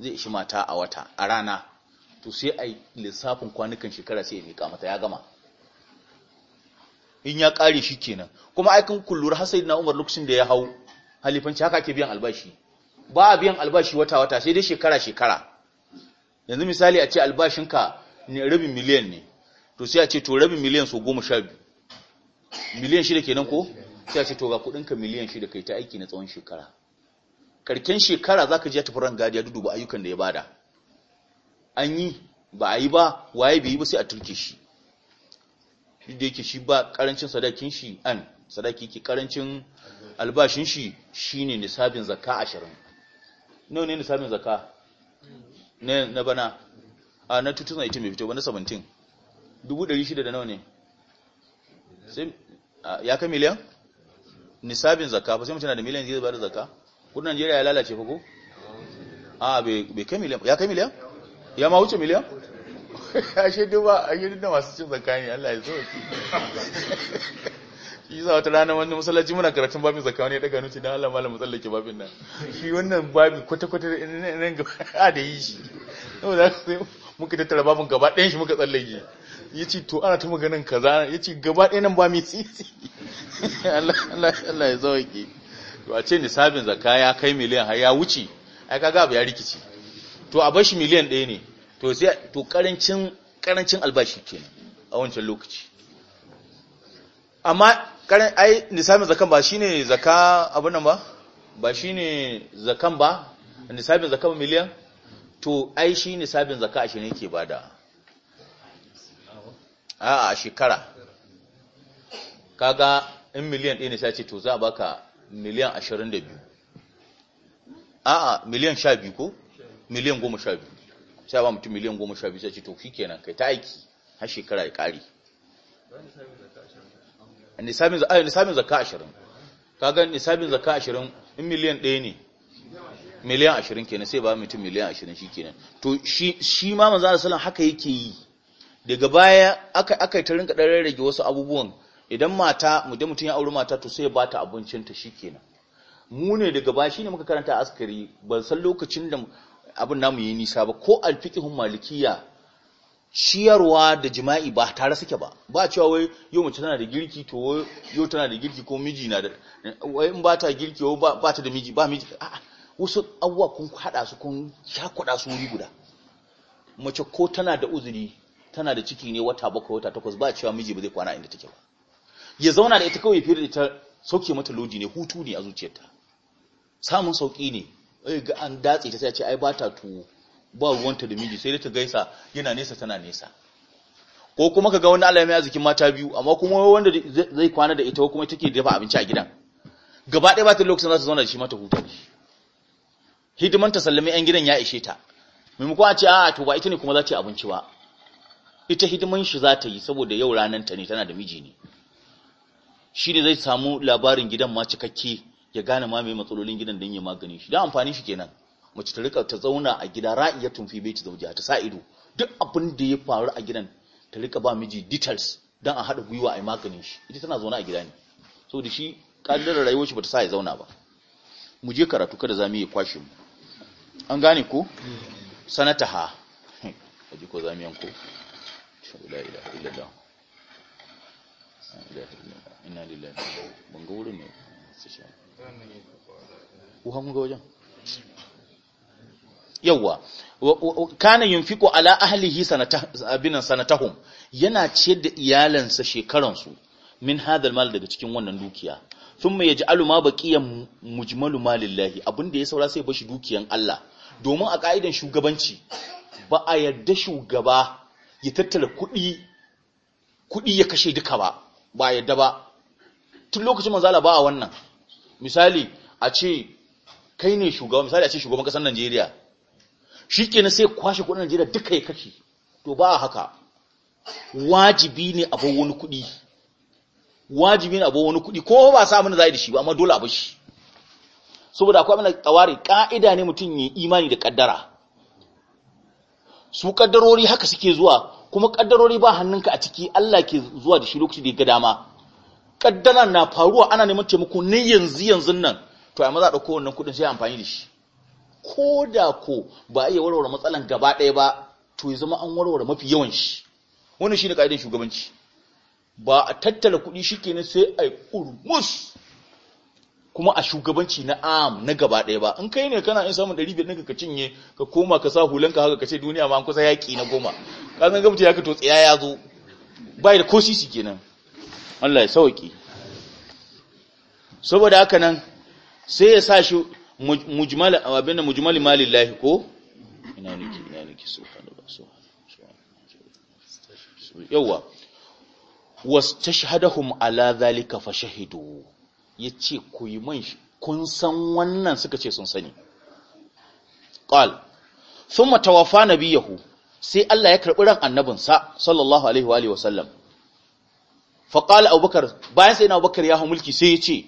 zai ishi mata a wata a rana to sai a yi lissafin kwanukan shekara sai ya miƙa mata ya gama in ya ƙare shi kenan kuma aikin kullura har na umar lokacin da ya hau halifanci haka ake biyan albashi ba a biyan albashi wata-wata sai dai shekara-shekara yanzu misali a ce albashinka rabin miliyan ne to sai a ce to rabin miliyan so goma sha biyu miliyan shida kenan ko sai a ce to ga kudinka miliyan shida kai ta aiki na tsawon shekara karken shekara za ka je tafi ran gadi ya duduba ayyukan da ya bada an yi ba a yi ba waye bai yi ba sai a turke shi duk da yake shi ba karancin sadakin shi an sadaki ke karancin albashin shi shine nisabin zakka ashirin nawa ne nisabin zakka na na bana a na 2018 mai fito ba na 17 600 da nawa ne ya kai miliyan nisabin zakka ba sai mutum na da miliyan zai ba da zakka kudin Najeriya ya lalace fa ko a bai kai miliyan ya kai miliyan ya ma wuce miliyan ya shi duba ashe duk da masu cin zakani Allah ya zo shi za wata rana wani musallaci muna karatun babin zakani ya daga nuci dan Allah malamin tsallake babin nan shi wannan babi kwata kwata nan ga da yi shi saboda muka tattara babin gaba ɗayan shi muka tsallake ya ce to ana ta maganin kaza ce gaba ɗayan nan ba mai tsitsi Allah ya zo ki to ce nisabin zakka ya kai miliyan har ya wuce ai kaga abu ya rikici to a bashi miliyan ɗaya ne to sai to karancin karancin albashi ne a wancan lokaci amma karan ai nisabin zakan ba shine zaka abun nan ba ba shine zakan ba nisabin zakan miliyan to ai shi nisabin zaka ashe ne yake bada a a shekara kaga in miliyan ɗaya ne sai ce to za a baka miliyan 22 a a miliyan 12 ko miliyan goma sha biyu sai ba mutum miliyan goma sha biyu sai ce to shi kenan kai ta aiki har shekara ya ƙari nisabin zaka ashirin ka ga nisabin zaka ashirin in miliyan ɗaya ne miliyan ashirin kenan sai ba mutum miliyan ashirin shi kenan to shi ma manzo sallallahu haka yake yi daga baya aka aka ta rinka dan rage wasu abubuwan idan mata mutum mutum ya auri mata to sai ya bata abincinta shi kenan mu ne daga baya shine muka karanta askari ban san lokacin da abin namu yi nisa ba ko alfiqihun malikiya ciyarwa da jima'i ba tare suke ba ba cewa wai yau mace tana da girki to yau tana da girki ko miji na da wai in ba ta girki wai ba ta da miji ba miji a'a wasu abubuwa kun haɗa su kun shakuɗa su wuri guda mace ko tana da uzuri tana da ciki ne wata bakwai wata takwas ba cewa miji ba zai kwana inda take ba ya zauna da ita kawai fiye da ita sauke mata lodi ne hutu ne a zuciyarta samun sauki ne sai ga an datse ta sai ce ai ba ta tuwo ba ruwanta da miji sai dai ta gaisa yana nesa tana nesa ko kuma kaga wani alama a mata biyu amma kuma wanda zai kwana da ita ko kuma take dafa abinci a gidan gaba ɗaya ba ta lokacin za ta zauna da shi mata hutu. hidiman ta sallame yan gidan ya ishe ta maimakon a ce a to ba ita ne kuma za ta yi abinci ba ita hidiman shi za ta yi saboda yau ranar ta ne tana da miji ne shi ne zai samu labarin gidan ma cikakke ya gane ma mai matsalolin gidan don yi magani shi da amfani shi kenan mace ta rika ta zauna a gida ra'iyatun fi baiti zawjiha ta sa ido duk abin da ya faru a gidan ta rika ba miji details don a haɗa gwiwa a yi maganin shi ita tana zauna a gida ne da shi kaddarar rayuwar shi ta sa ya zauna ba mu je karatu kada za mu yi kwashe mu an gane ko ha, aje ko za yanko yi ilaha illallah inna lillahi ban ga wurin ne sai uha ga wajen yawwa kana yunfiqu ala ahlihi sanata abinan sanatahum yana ciyar da iyalansa shekaransu min hadal mal daga cikin wannan dukiya thumma yaj'alu ma baqiyan mujmalu malillahi abinda ya saura sai ya bashi dukiyan Allah domin a ka'idan shugabanci ba a yarda shugaba ya tattala kuɗi ya kashe duka ba ba yarda ba tun lokacin manzala ba a wannan misali a ce kai ne shugaban misali a ce shugaban kasar Najeriya shi na sai kwashe kudin Najeriya duka ya kashe to ba haka wajibi ne a wani kudi wajibi ne a bawo wani kudi ko ba sa mun zai da shi ba amma dole a bashi saboda akwai mana tsawari ka'ida ne mutum yi imani da kaddara su kaddarori haka suke zuwa kuma kaddarori ba hannunka a ciki Allah ke zuwa da shi lokaci da ya ga dama kaddara na faruwa ana neman taimako ne yanzu yanzu nan to a maza dauko wannan kudin sai amfani da shi ko da ko ba a iya warware matsalan gaba ɗaya ba to ya zama an warware mafi yawan shi wannan shine kaidan shugabanci ba a tattala kudi shikenan sai ai kurmus kuma a shugabanci na am na gaba ɗaya ba in kai ne kana in samun ɗari 500 ɗinka ka cinye ka koma ka sa hulanka haka ka ce duniya ma an kusa yaƙi na goma ka san gamta ya ka to tsaya ya zo bai da kosisi kenan Allah ya sauki saboda haka nan sai ya sa shi mujmal abinda mujmal malillahi ko ina niki ina niki subhanallah subhanallah yawa wastashhadahum ala zalika fashahidu yace ku yi man kun san wannan suka ce sun sani qal thumma tawaffa nabiyahu sai Allah ya karbi ran annabinsa sallallahu alaihi wa alihi wa sallam faƙala abubakar bayan sai na abubakar ya hau mulki sai ya ce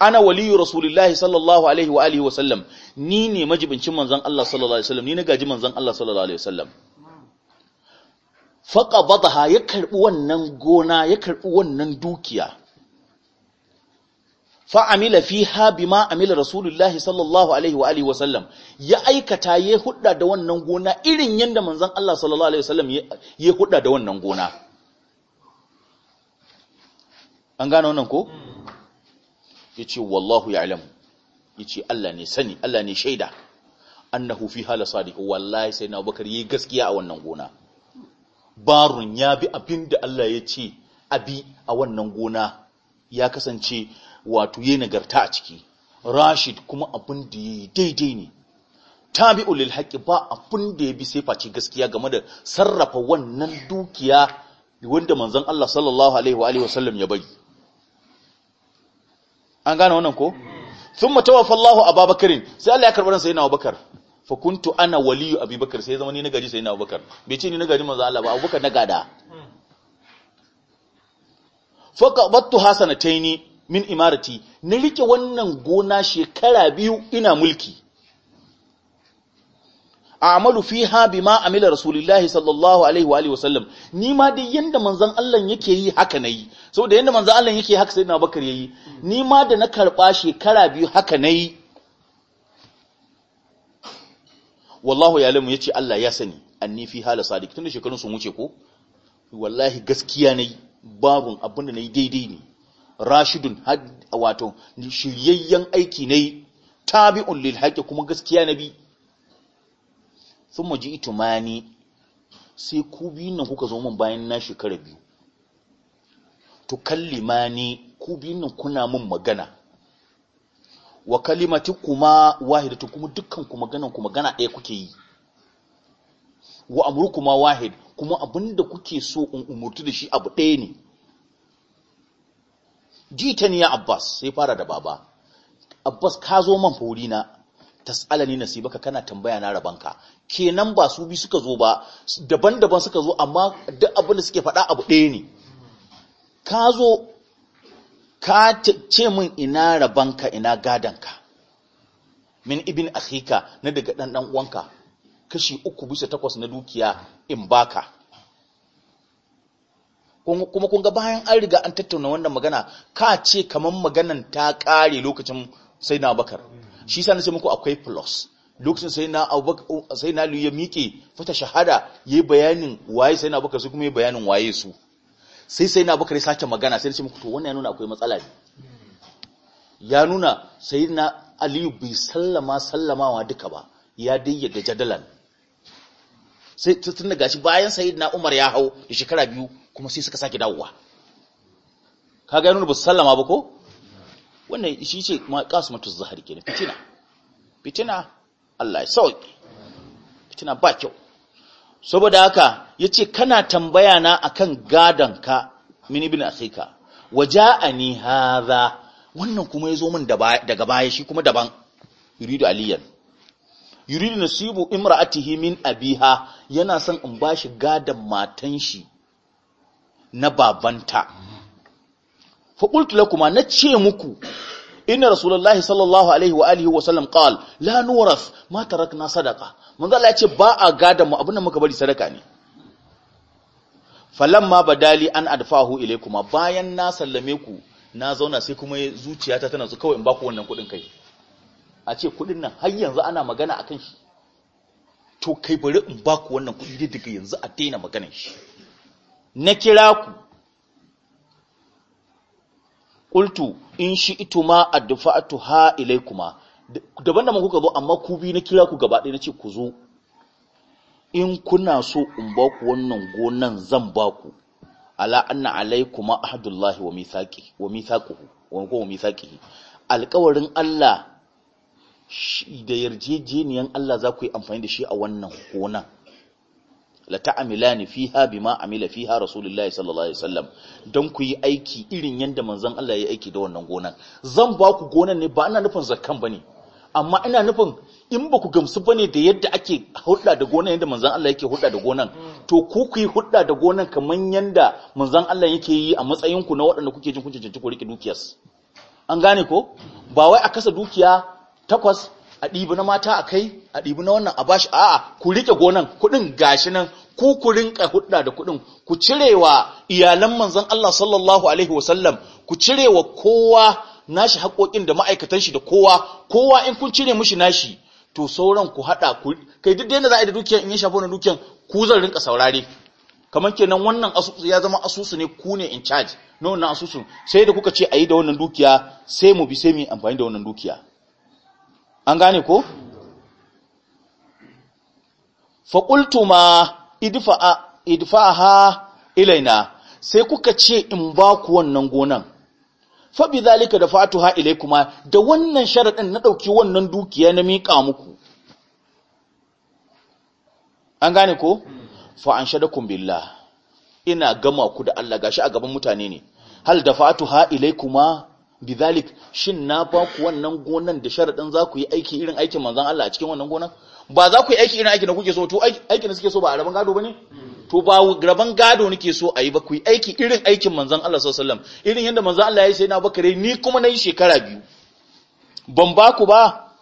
ana waliyu rasulullahi sallallahu alaihi wa alihi wasallam ni ne majibincin manzan Allah sallallahu alaihi wasallam ni na gaji manzan Allah sallallahu alaihi wasallam faƙabadaha ya karɓi wannan gona ya karɓi wannan dukiya fa'amila fi habi ma amila rasulullahi sallallahu alaihi wa alihi wasallam ya aikata ya hudda da wannan gona irin yadda manzan Allah sallallahu alaihi wasallam ya hudda da wannan gona an gano wannan ko hmm. yace wallahu ya'lam yace Allah ne sani Allah ne shaida annahu fi hala sadiq wallahi sai na Abubakar yi gaskiya a wannan gona barun ya bi abinda Allah ya ce abi a wannan gona ya kasance wato yayin nagarta a ciki Rashid kuma abin da yayi daidai ne tabi'u lil haqqi ba abin da ya bi sai face gaskiya game da sarrafa wannan dukiya wanda manzon Allah sallallahu alaihi wa alihi wasallam ya bai. an gane wannan ko thumma tawaffa Allahu Abubakarin sai Allah ya karba ran sayyidina Abubakar fa kuntu ana waliyu Abubakar sai zama ni na gaji sayyidina Abubakar bai ce ni na gaji manzo Allah ba Abubakar na gada fa qabattu hasanataini min imarati na rike wannan gona shekara biyu ina mulki a'malu fiha bima amila rasulillahi sallallahu alaihi wa alihi sallam ni ma dai yanda manzon Allah yake yi haka nayi saboda yanda manzon Allah yake haka sayyidina na bakar yayi ni ma da na karba shekara biyu haka nayi wallahu ya lamu yace Allah ya sani anni fi hal sadiq tunda shekarun sun wuce ko wallahi gaskiya nayi babun abinda nayi daidai ne rashidun wato shiryayyen aiki nayi tabi'un lil haqqi kuma gaskiya nabi sun maji itumani sai ku biyu nan kuka zo min bayan na shekara biyu to kallimani ku biyu nan kuna min magana wa kalimati kuma to kuma dukkan ku magana ku magana ɗaya kuke yi wa kuma wahid kuma abinda kuke so in umurtu da shi abu ɗaya ne jita ni ya abbas sai fara da baba abbas ka zo man fauri na tas'alani nasibaka kana tambaya na rabanka kenan ba su bi suka zo ba daban-daban suka zo amma duk abin da suke faɗa abu ɗaya ne ka zo ka ce min ina rabanka ina gadanka min ibin akhika na daga ɗanɗan wanka uwanka kashi uku bisa takwas na dukiya in baka kuma kun ga bayan an riga an tattauna wannan magana ka ce kamar maganan ta ƙare lokacin sai na bakar shi sa na sai muku akwai plus lokacin sai na sai na ya miƙe fata shahada yayi bayanin waye sai na abubakar su kuma yayi bayanin waye su sai sai na abubakar ya sake magana sai ya ce muku to wannan ya nuna akwai matsala ne ya nuna sai na aliyu bai sallama sallamawa duka ba ya dai da jadalan sai tun da gashi bayan sayyidina Umar ya hau da shekara biyu kuma sai suka sake dawowa kaga nuna ba sallama ba ko wannan shi ce kuma ma qasmatu zahir kenan fitina fitina Allah ya sauki, tana ba kyau saboda haka yace kana tambaya na akan gadan ka min ibn akhika waja'ani hadha wannan kuma yazo min daga baya shi kuma daban yuridu aliyan yuridu nasibu imra'atihi min abiha yana son in bashi gadan matan shi na babanta fa qultu lakuma nace muku inna rasulullahi sallallahu alaihi wa alihi wa sallam qal la nurath ma tarakna sadaqa manzo Allah ya ce ba a gada mu abinda muka bari sadaka ne falamma badali an adfahu ilaykuma bayan na sallame ku na zauna sai kuma zuciyata tana so kawai in ba ku wannan kudin kai a ce kudin nan har yanzu ana magana akan shi to kai bari in ba ku wannan kudi daga yanzu a daina maganar shi na kira ku qultu in shi'tuma adfa'tuha ilaykuma daban daban kuka zo amma ku bi na kira ku gaba ɗaya nace ku zo in kuna so in ba ku wannan gonan zan ba ku ala anna alaykuma ahdullahi wa mithaqi wa mithaquhu wa ko mithaqihi alƙawarin Allah da yarjejeniyan Allah za ku yi amfani da shi a wannan gonan la ta'amilani fiha bima amila fiha rasulullahi sallallahu alaihi wasallam Don ku yi aiki irin yanda manzon Allah ya aiki da wannan gonan zan ba ku gonan ne ba ina nufin zakkan bane amma ina nufin in ba ku gamsu bane da yadda ake hudda da gonan yadda manzon Allah yake hudda da gonan to ku ku yi hulɗa da gonan kamar yanda manzon Allah yake yi a matsayin ku na waɗanda kuke jin kun cancanci ku rike dukiyar an gane ko ba wai a kasa dukiya takwas a ɗibi na mata a kai a ɗibi na wannan a bashi a'a ku rike gonan kuɗin gashi nan ku ku rinka hudda da kuɗin ku cirewa iyalan manzon Allah sallallahu alaihi wasallam ku cirewa kowa nashi haƙoƙin da ma'aikatan shi da kowa kowa in kun cire mishi nashi to sauran ku haɗa, ku kai duk da za a yi da dukiyar in ya shafi wannan dukiyar ku zan rinka saurare kamar kenan wannan asusu ya zama asusu ne ku ne in charge na wannan asusun sai da kuka ce a yi da wannan dukiya sai mu bi sai mu yi amfani da wannan dukiya an gane ko Fa idfa'a idfa'aha ilaina sai kuka ce in ba ku wannan gonan fabi zalika da fatuha ilaikuma da wannan sharaɗin na ɗauki wannan dukiya na miƙa muku an gane ko an shadakun billah ina gama ku da Allah gashi a gaban mutane ne hal da fatuha kuma. bidhalik shin na ba ku wannan gonan da sharadin za ku yi aiki irin aikin manzon Allah a cikin wannan gonan ba za ku yi aiki irin aikin da kuke so to aikin da suke so ba a raban gado bane to ba raban gado nake so a yi ba ku yi aiki irin aikin manzon Allah sallallahu alaihi wasallam irin yanda manzon Allah ya yi sai na bakare ni kuma na yi shekara biyu ban ba ku ba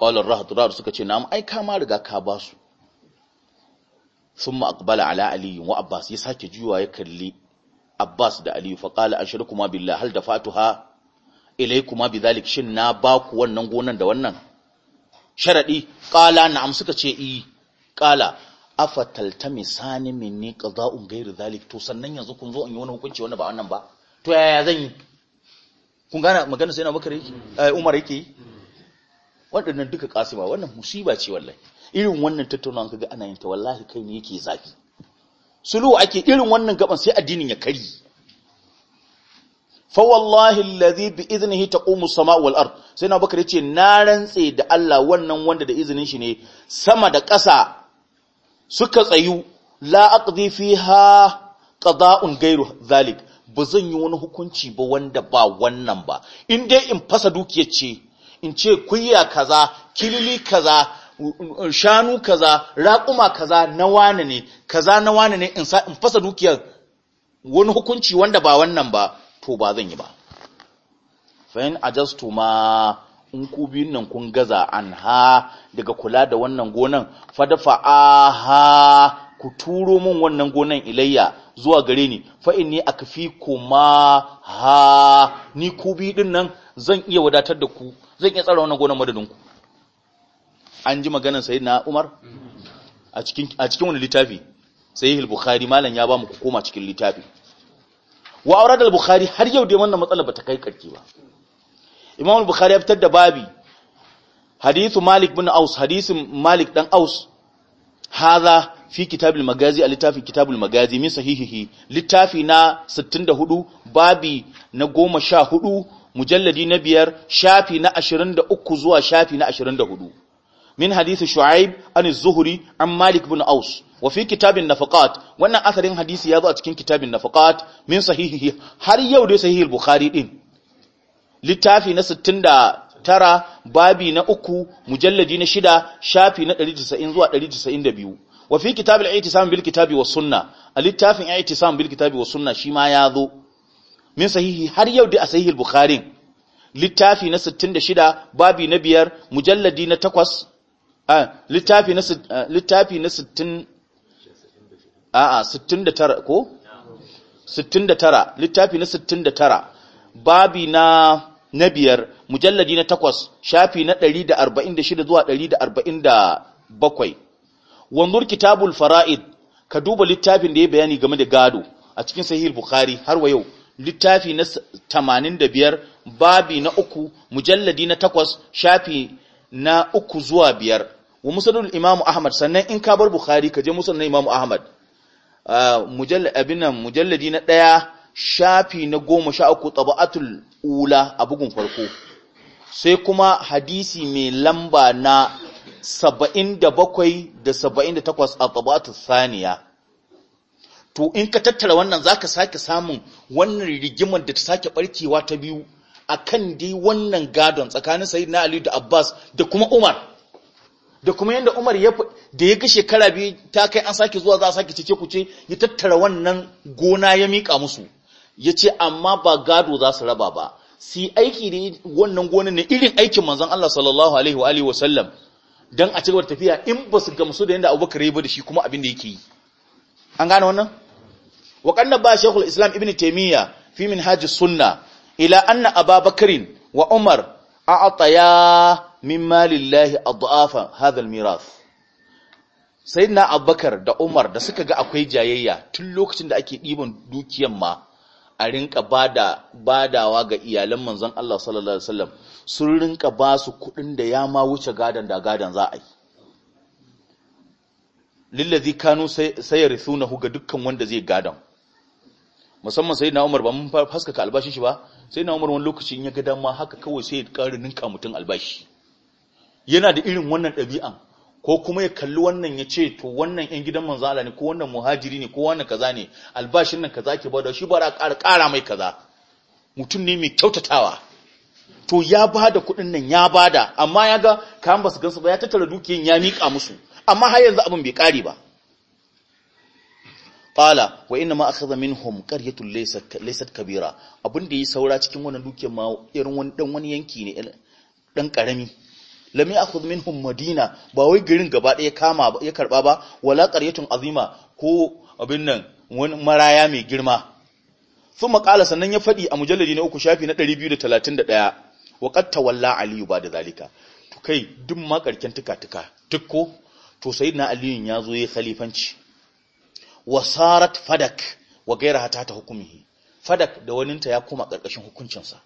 qalar rahaturar suka ce na'am ai ka ma riga ka ba su summa aqbala ala ali wa abbas ya sake juwa ya kalli Abbas da Aliyu shirku ma billah hal kuma bi zalik. shin na ba ku wannan gonan da wannan sharadi na na'am suka ce i qala ka minni qada'un ghairu zalik to sannan yanzu kun zo in yi wani hukunci wani ba wannan ba to yaya zan yi kun gane magana sai na bakar yake eh, Umar yake yi waɗannan duka kasima wannan musiba ce wallahi irin wannan tattaunawa kaga ana yin ta wallahi kai ne yake zafi sulhu ake irin wannan gaban sai addinin ya kari fa wallahi allazi bi idnihi taqumu as-sama' wal ard sai na bakar ce na rantse da Allah wannan wanda da izinin shi ne sama da ƙasa suka tsayu la aqdi fiha qada'un ghayru zalik ba zan yi wani hukunci ba wanda ba wannan ba in dai in fasa dukiyar ce in ce kuyya kaza kilili kaza shanu kaza raƙuma kaza na wane ne kaza na wane ne in in fasa dukiyar wani hukunci wanda ba wannan ba to ba zan yi ba fa'in ajastu ma in ku biyun nan kun gaza an ha daga kula da wannan gonan fadafa aha ku turo min wannan gonan ilayya zuwa gare ni fa inni akfi kuma ha ni ku biyun nan zan iya wadatar da ku zan iya tsara wannan gonan ku. an ji maganar sayyidina Umar a cikin a cikin wani littafi sahih al-bukhari malam ya ba mu koma cikin littafi wa aurad bukhari har yau dai wannan matsalar bata kai karki ba imam al-bukhari ya fitar da babi hadithu malik bin aus hadisin malik dan aus hadha fi kitab al-magazi a littafin kitab al-magazi min sahihihi littafi na 64 babi na 14 mujalladi na biyar shafi na 23 zuwa shafi na 24 min hadisi shu'aib an az-zuhri an malik ibn aus wa fi kitabin nafaqat wannan asalin hadisi ya zo a cikin kitabin nafaqat min sahihihi har yau dai sahihul bukhari din littafi na 69 babi na uku mujalladi na shida shafi na 190 zuwa 192 wa fi kitabul i'tisam bil kitabi was sunna a littafin i'tisam bil kitabi was sunna shi ma ya zo min sahihi har yau dai a sahihul bukhari littafi na 66 babi na biyar mujalladi na 8 a ah, littafi na ah, littafi na 60 a'a 69 ko 69 littafi na 69 babi na na biyar mujalladi na 8, shafi na 146 zuwa 147 wanzur kitabul fara'id ka duba littafin da ya bayani game da gado a cikin sahih bukhari har wa yau littafi na 85 babi na 3, mujalladi na 8, shafi na uku zuwa biyar wa musadul imamu ahmad sannan in ka bar bukhari ka je musadul imamu ahmad ah, abinan mujalladi na ɗaya shafi na goma sha uku taba'atul ula a bugun farko sai kuma hadisi mai lamba na saba'in da bakwai da saba'in da takwas a taba'atul saniya to in ka tattara wannan za ka sake samun wannan rigimar da ta sake ɓarkewa ta biyu akan dai wannan gadon tsakanin na Aliyu da Abbas da kuma Umar da kuma yadda Umar da ya ga shekara biyu ta kai an sake zuwa za a sake cike kuce ya tattara wannan gona ya miƙa musu ya ce amma ba gado za su raba ba si aiki da wannan gona ne irin aikin manzon Allah sallallahu alaihi wa alihi wasallam sallam dan a cigaba da tafiya in ba su gamsu da yadda Abubakar ya ba da shi kuma abin da yake yi an gane wannan wa kanna ba Sheikhul Islam Ibn taimiyya fi minhaj sunna ila anna ababakarin wa umar a a'taya min malillahi hadal miras sai na abubakar da umar da suka ga akwai jayayya tun lokacin da ake ɗiban dukiyan ma a rinka bada badawa ga iyalan manzon Allah sallallahu alaihi wasallam sun rinka ba su kuɗin da ya ma wuce gadan da gadan za a yi lillazi kanu sayarithuna ga dukkan wanda zai gadan musamman sayyidina Umar ba mun haskaka albashin shi ba sai na umar wani lokacin ya ga dama haka kawai sai ya ƙara ninka mutum albashi yana da irin wannan ɗabi'an ko kuma ya kalli wannan ya ce to wannan yan gidan manzo Allah ne ko wannan muhajiri ne ko wannan kaza ne albashin nan kaza ke bada shi bara ƙara ƙara mai kaza mutum ne mai kyautatawa to ya bada kuɗin nan ya bada amma ya ga kan basu gansu ba ya tattara dukiyan ya miƙa musu amma har yanzu abin bai ƙare ba qala wa inna ma akhadha minhum qaryatun laysat kabira abun da yi saura cikin wannan duke ma irin wani dan wani yanki ne dan karami lam ya'khudh minhum madina ba wai garin gaba daya kama ya karba ba wala qaryatun azima ko abin nan wani maraya mai girma thumma qala sannan ya faɗi a mujalladi na uku shafi na da 231 wa qad tawalla aliyu ba da zalika to kai duk ma karken tuka tuka tukko to sayyidina aliyu ya zo yayi khalifanci wasarat fadak wa gaira hata ta hukumihi fadak da waninta ya koma ƙarƙashin hukuncinsa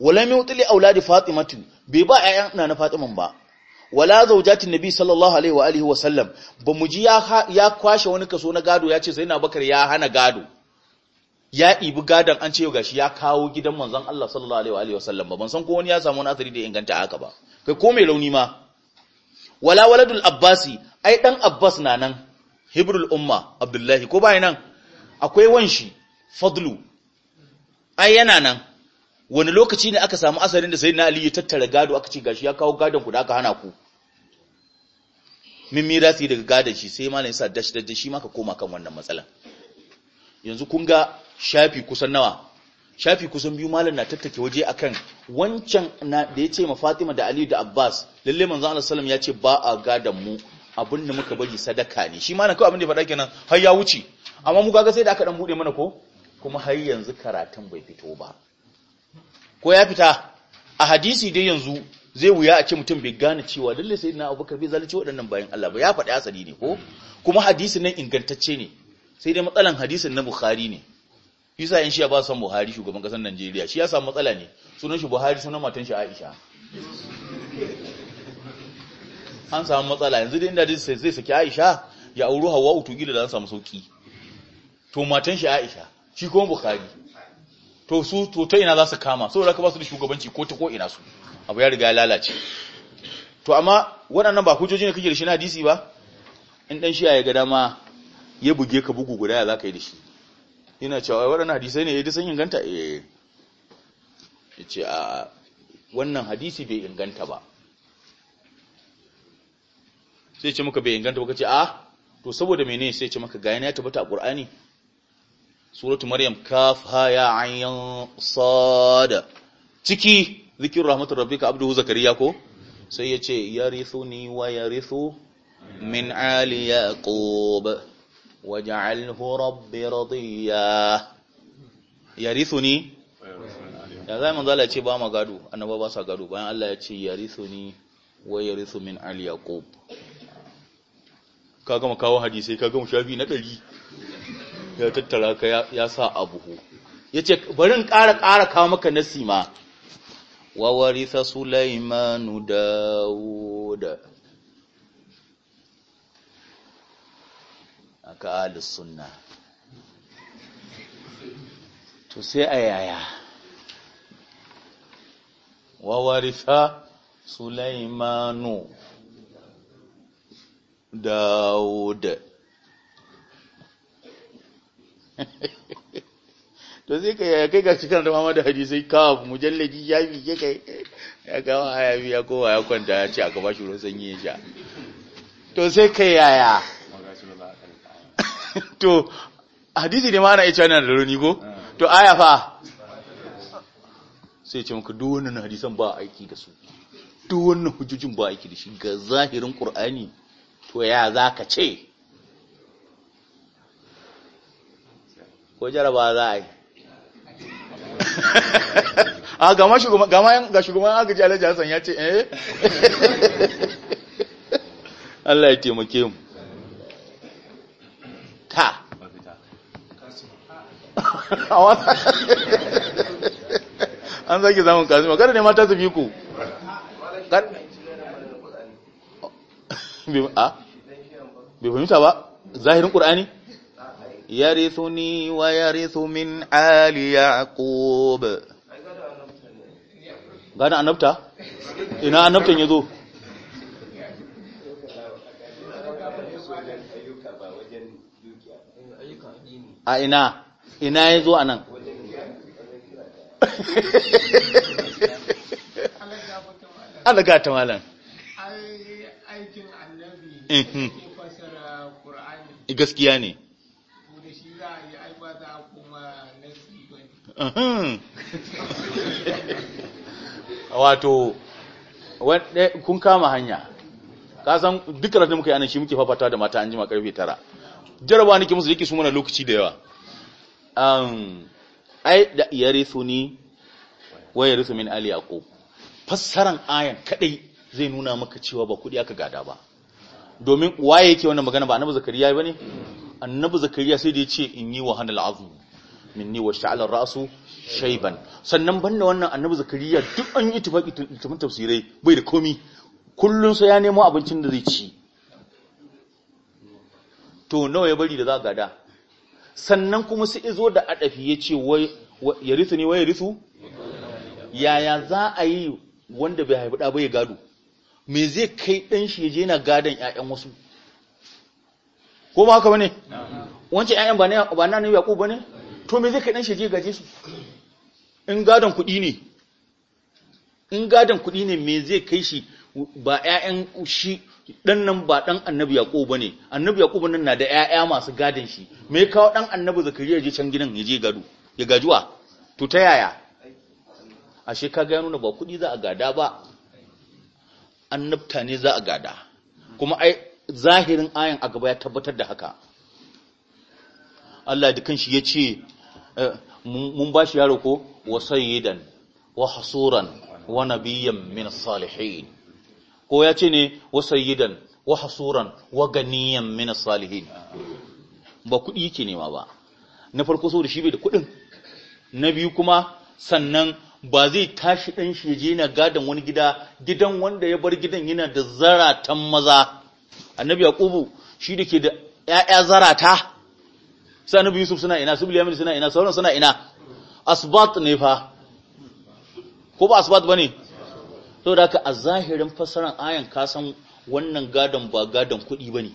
wala mai wutuli auladi fatimatu bai ba ayyan na na fatiman ba wala zawjatin nabi sallallahu alaihi wa alihi wa sallam ba muji ji ya kwashe wani kaso na gado ya ce sai na bakar ya hana gado ya ibi gadan an ce gashi ya kawo gidan manzon Allah sallallahu alaihi wa alihi wa sallam ba ban san ko wani ya samu wani da inganta haka ba kai ko mai launi ma wala waladul abbasi ai dan abbas na nan hibrul umma abdullahi ko bai nan akwai wanshi fadlu ai yana nan wani lokaci ne aka samu asarin da sayyidina ali ya tattara gado aka ce gashi ya kawo gadon ku da aka hana ku min mirasi daga gadon shi sai malamin sa dash dash shi ma koma kan wannan matsalan yanzu kun ga shafi kusan nawa shafi kusan biyu malam na tattake waje akan wancan da ya ce ma Fatima da Aliyu da Abbas lalle manzo Allah sallam ya ce ba a gadon mu abin da muka bari sadaka ne shi ma na kawai abin da ya faɗa kenan har ya wuce amma mu ga sai da aka dan bude mana ko kuma har yanzu karatun bai fito ba ko ya fita a hadisi dai yanzu zai wuya a ce mutum bai gane cewa lalle sai na abubakar bai zalunci waɗannan bayan Allah ba ya faɗi asali ne ko kuma hadisi nan ingantacce ne sai dai matsalan hadisin na Bukhari ne Isa in shi ba san Buhari shugaban kasar Najeriya shi ya samu matsala ne sunan shi Buhari sunan matan shi Aisha an samu matsala yanzu da inda zai saki Aisha ya auru utu gida da an samu sauki to matan shi Aisha shi kuma Bukhari to su to ta ina za su kama da ka ba su da shugabanci ko ta ko ina su abu ya riga ya lalace to amma waɗannan ba hujjoji ne kake da shi na hadisi ba in dan shi ya ga dama ya buge ka bugu guda ya zaka yi da shi ina cewa waɗannan hadisai ne ya dai san inganta eh ce a wannan hadisi bai inganta ba sai ce maka bai inganta ba kace a ah, to saboda mene sai ce maka ga yana ya tabbata a Qur'ani suratu maryam kaf ha ya ayyan sad ciki zikir rahmatur rabbika abduhu zakariya ko sai ya ce yarithuni wa yarithu min ali yaqub waj'alhu rabbi radiya yarithuni ya zai manzo Allah ya ce ba ma gado annaba ba sa gado bayan Allah ya ce yarithuni wa yarithu min ali yaqub ka gama kawo hadisai ka gama shafi na ɗari ya tattara ka ya sa a buhu ya ce barin ƙara ƙara kawo maka nasi ma wa warisa sulaimanu dawuda aka alis suna to sai a yaya wa warisa sulaimanu Dawud to sai ka kai ga cikin da Muhammad hadisi kaf mujallaji ya bi ke kai ya ga ya bi ya kowa ya kwanta ya ce aka ba shi ruwan sanyi ya sha to sai kai yaya to hadisi ne ma ana iya cewa da rauni ko to aya fa sai ce muka duwannan wannan hadisan ba aiki da su Duwannan wannan hujjojin ba aiki da shi ga zahirin Qur'ani to ya za ka ce ko jaraba za a yi a gama shugaban ga shugaban agaji ya ce eh Allah ya taimake mu ta an zaki zamun ma kada ne mata su fi ku a bai fahimta ba zahirin qur'ani ni wa yarithu min ali yaqub gana annabta ina annabtan zo a ina ina ya zo a nan alaga ta malam aikin annabi mhm. gaskiya ne wato eh, kun kama hanya ka san duk da muka yi anan shi muke fafata da mata an ji karfe tara jarabawa nake musu yake su mana lokaci da yawa ai da wai ya yarithu min ali fassaran ayan kadai zai nuna maka cewa ba kudi aka gada ba domin waye yake wannan magana ba annabi zakariya bane annabi zakariya sai da ya ce in yi wa hanal azu minni wa sha'al ra'su shayban sannan banda wannan annabi zakariya duk an yi tafaki tun tafsirai bai da komi kullun sai ya nemo abincin da zai ci to nawa ya bari da za gada sannan kuma sai izo da adafi yace wai yarisu ne wai yarisu yaya za a yi wanda bai haifi da bai gado me zai kai ɗan shi je na gadon ƴaƴan wasu ko ba haka ne? wancan ƴaƴan ba na ba ne to me zai kai ɗan shi je gaje su in gadon kuɗi ne in gadon kuɗi ne me zai kai shi ba ƴaƴan shi ɗan nan ba ɗan annabi ba bane annabi ba nan na da ƴaƴa masu gadin shi me kawo ɗan annabi zakariya je can gidan ya je gado ya gajuwa to ta yaya ashe ka gano na ba kuɗi za a gada ba annabta ne za a gada kuma ai zahirin ayan a gaba ya tabbatar da haka Allah da kanshi ya ce eh, mun ba shi yaro ko wa sayyidan wa hasuran wa nabiyyan min salihin ko ya ce ne wa sayyidan wa hasuran wa ganiyan min salihin ba kuɗi yake nema ba na farko saboda shi bai da kuɗin na biyu kuma sannan ba zai tashi ɗan shi je yana gadon wani gida gidan wanda ya bar gidan yana da zaratan maza annabi yaqubu shi da ke da ƴaƴa zarata sai annabi yusuf suna ina su bilyamin suna ina sauran suna ina asbat ne fa ko ba asbat bane to da haka a zahirin fasaran ayan ka san wannan gadon ba gadon kuɗi bane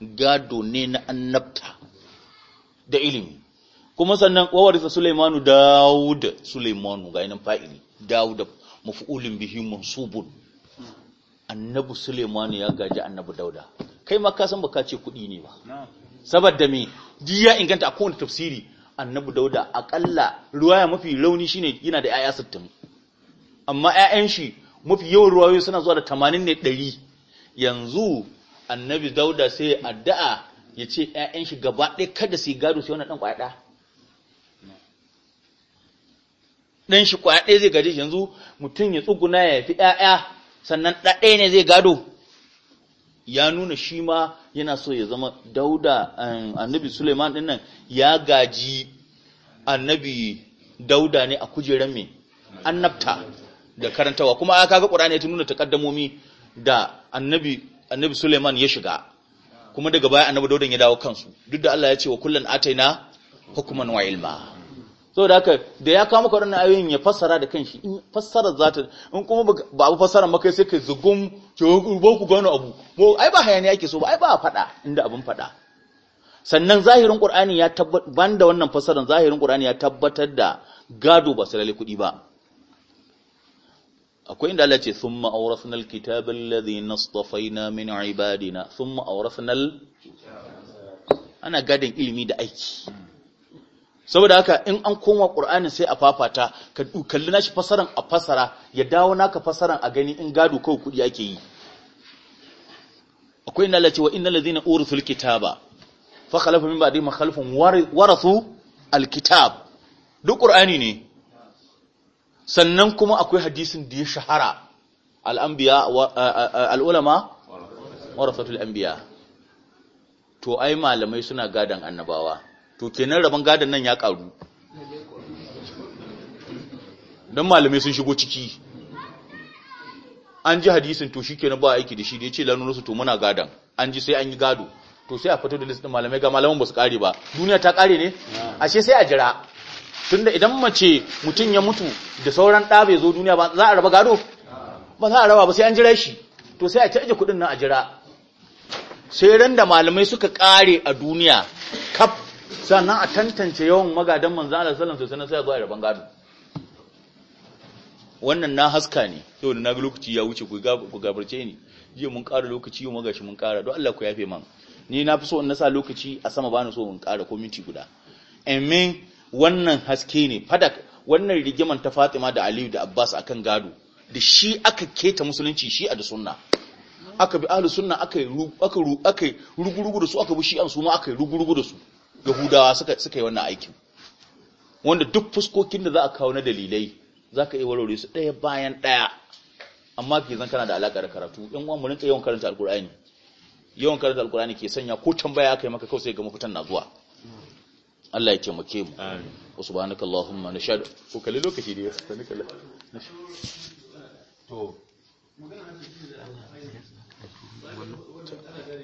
gado ne na annabta da ilimi kuma sannan wawarisa Sulaimanu Dawud Sulaimanu ga yanan fa'ili Dawud maf'ulun bihi mansubun annabi Sulaimanu ya gaji annabi Dauda kai ma ka san baka ce kudi ne ba saboda me ji ya inganta a kowane tafsiri annabi Dauda akalla ruwaya mafi rauni shine yana da 'ya'ya 60 amma 'ya'yan shi mafi yawan ruwayoyi suna zuwa da 80 ne 100 yanzu annabi Dauda sai addu'a ya ce 'ya'yan shi gaba ɗaya kada su gado sai wannan dan kwaya ɗan shi kwa ɗaya zai gaji yanzu mutum ya tsuguna ya fi ɗaya sannan ɗaɗe ne zai gado ya nuna shi ma yana so ya zama dauda eh, annabi suleiman ɗin nan ya gaji annabi dauda ne a kujeran mai annabta da karantawa kuma aka ga ƙura ne ya nuna takaddamomi da annabi suleiman ya shiga kuma daga baya annabi daudan ya dawo kansu duk da Allah ya ce wa kullum yi na hukuman wa ilma saboda haka da ya kawo maka wannan ayoyin ya fassara da kanshi in fassara za ta in kuma ba abu fassara maka sai ka zugum ke ba ku gano abu mu ai ba hayaniya ake so ba ai ba fada inda abun fada sannan zahirin qur'ani ya tabbatar banda wannan fassaran zahirin qur'ani ya tabbatar da gado ba sai kudi ba akwai inda Allah ce thumma awrasna alkitaba alladhi nastafaina min ibadina thumma awrasna ana gadin ilimi da aiki saboda haka in an koma ƙur'ani sai a fafata ka kalli nashi fasaran a fasara ya dawo naka fasaran a gani in gado kawai kudi ake yi akwai inda Allah ce wa innal ladhina urithul kitaba fa khalafa min ba'dihim khalfun warathu alkitab duk ƙur'ani ne sannan kuma akwai hadisin da ya shahara al-anbiya al-ulama warathatul anbiya to ai malamai suna gadan annabawa to kenan rabon gadon nan ya karu don malamai sun shigo ciki an ji hadisin to shi kenan ba aiki da shi da ya ce su to muna gadon an ji sai an yi gado to sai a fito da listin malamai ga malaman ba su kare ba duniya ta kare ne ashe sai a jira tunda idan mace mutum ya mutu da sauran ɗa bai zo duniya ba za a raba gado ba za a raba ba sai an jira shi to sai a caje kuɗin nan a jira sai randa malamai suka kare a duniya kaf sannan a tantance yawan magadan manzo Allah sallallahu alaihi wasallam sai zuwa raban gado wannan na haska ne saboda na ga lokaci ya wuce ku gabarce ni jiya mun ƙara lokaci yau magashi mun ƙara don Allah ku yafe man ni na fi so in na sa lokaci a sama ba bani so mun ƙara ko minti guda amin wannan haske ne fadak, wannan rigiman ta Fatima da Aliyu da Abbas akan gado da shi aka keta musulunci shi a da sunna aka bi ahli sunna aka aka aka rugurugu da su aka bi an su ma aka rugurugu da su yahudawa suka suka yi wannan aikin wanda duk fuskokin da za a kawo na dalilai za ka iya warware su ɗaya bayan ɗaya amma ke zan kana da alaƙa da karatu yan uwan mu yawan karanta alkur'ani yawan karanta alkur'ani ke sanya ko tambaya aka yi maka kawai sai ga mafitan na zuwa Allah ya taimake mu wa subhanaka allahumma nashhadu ko kalli lokaci da ya to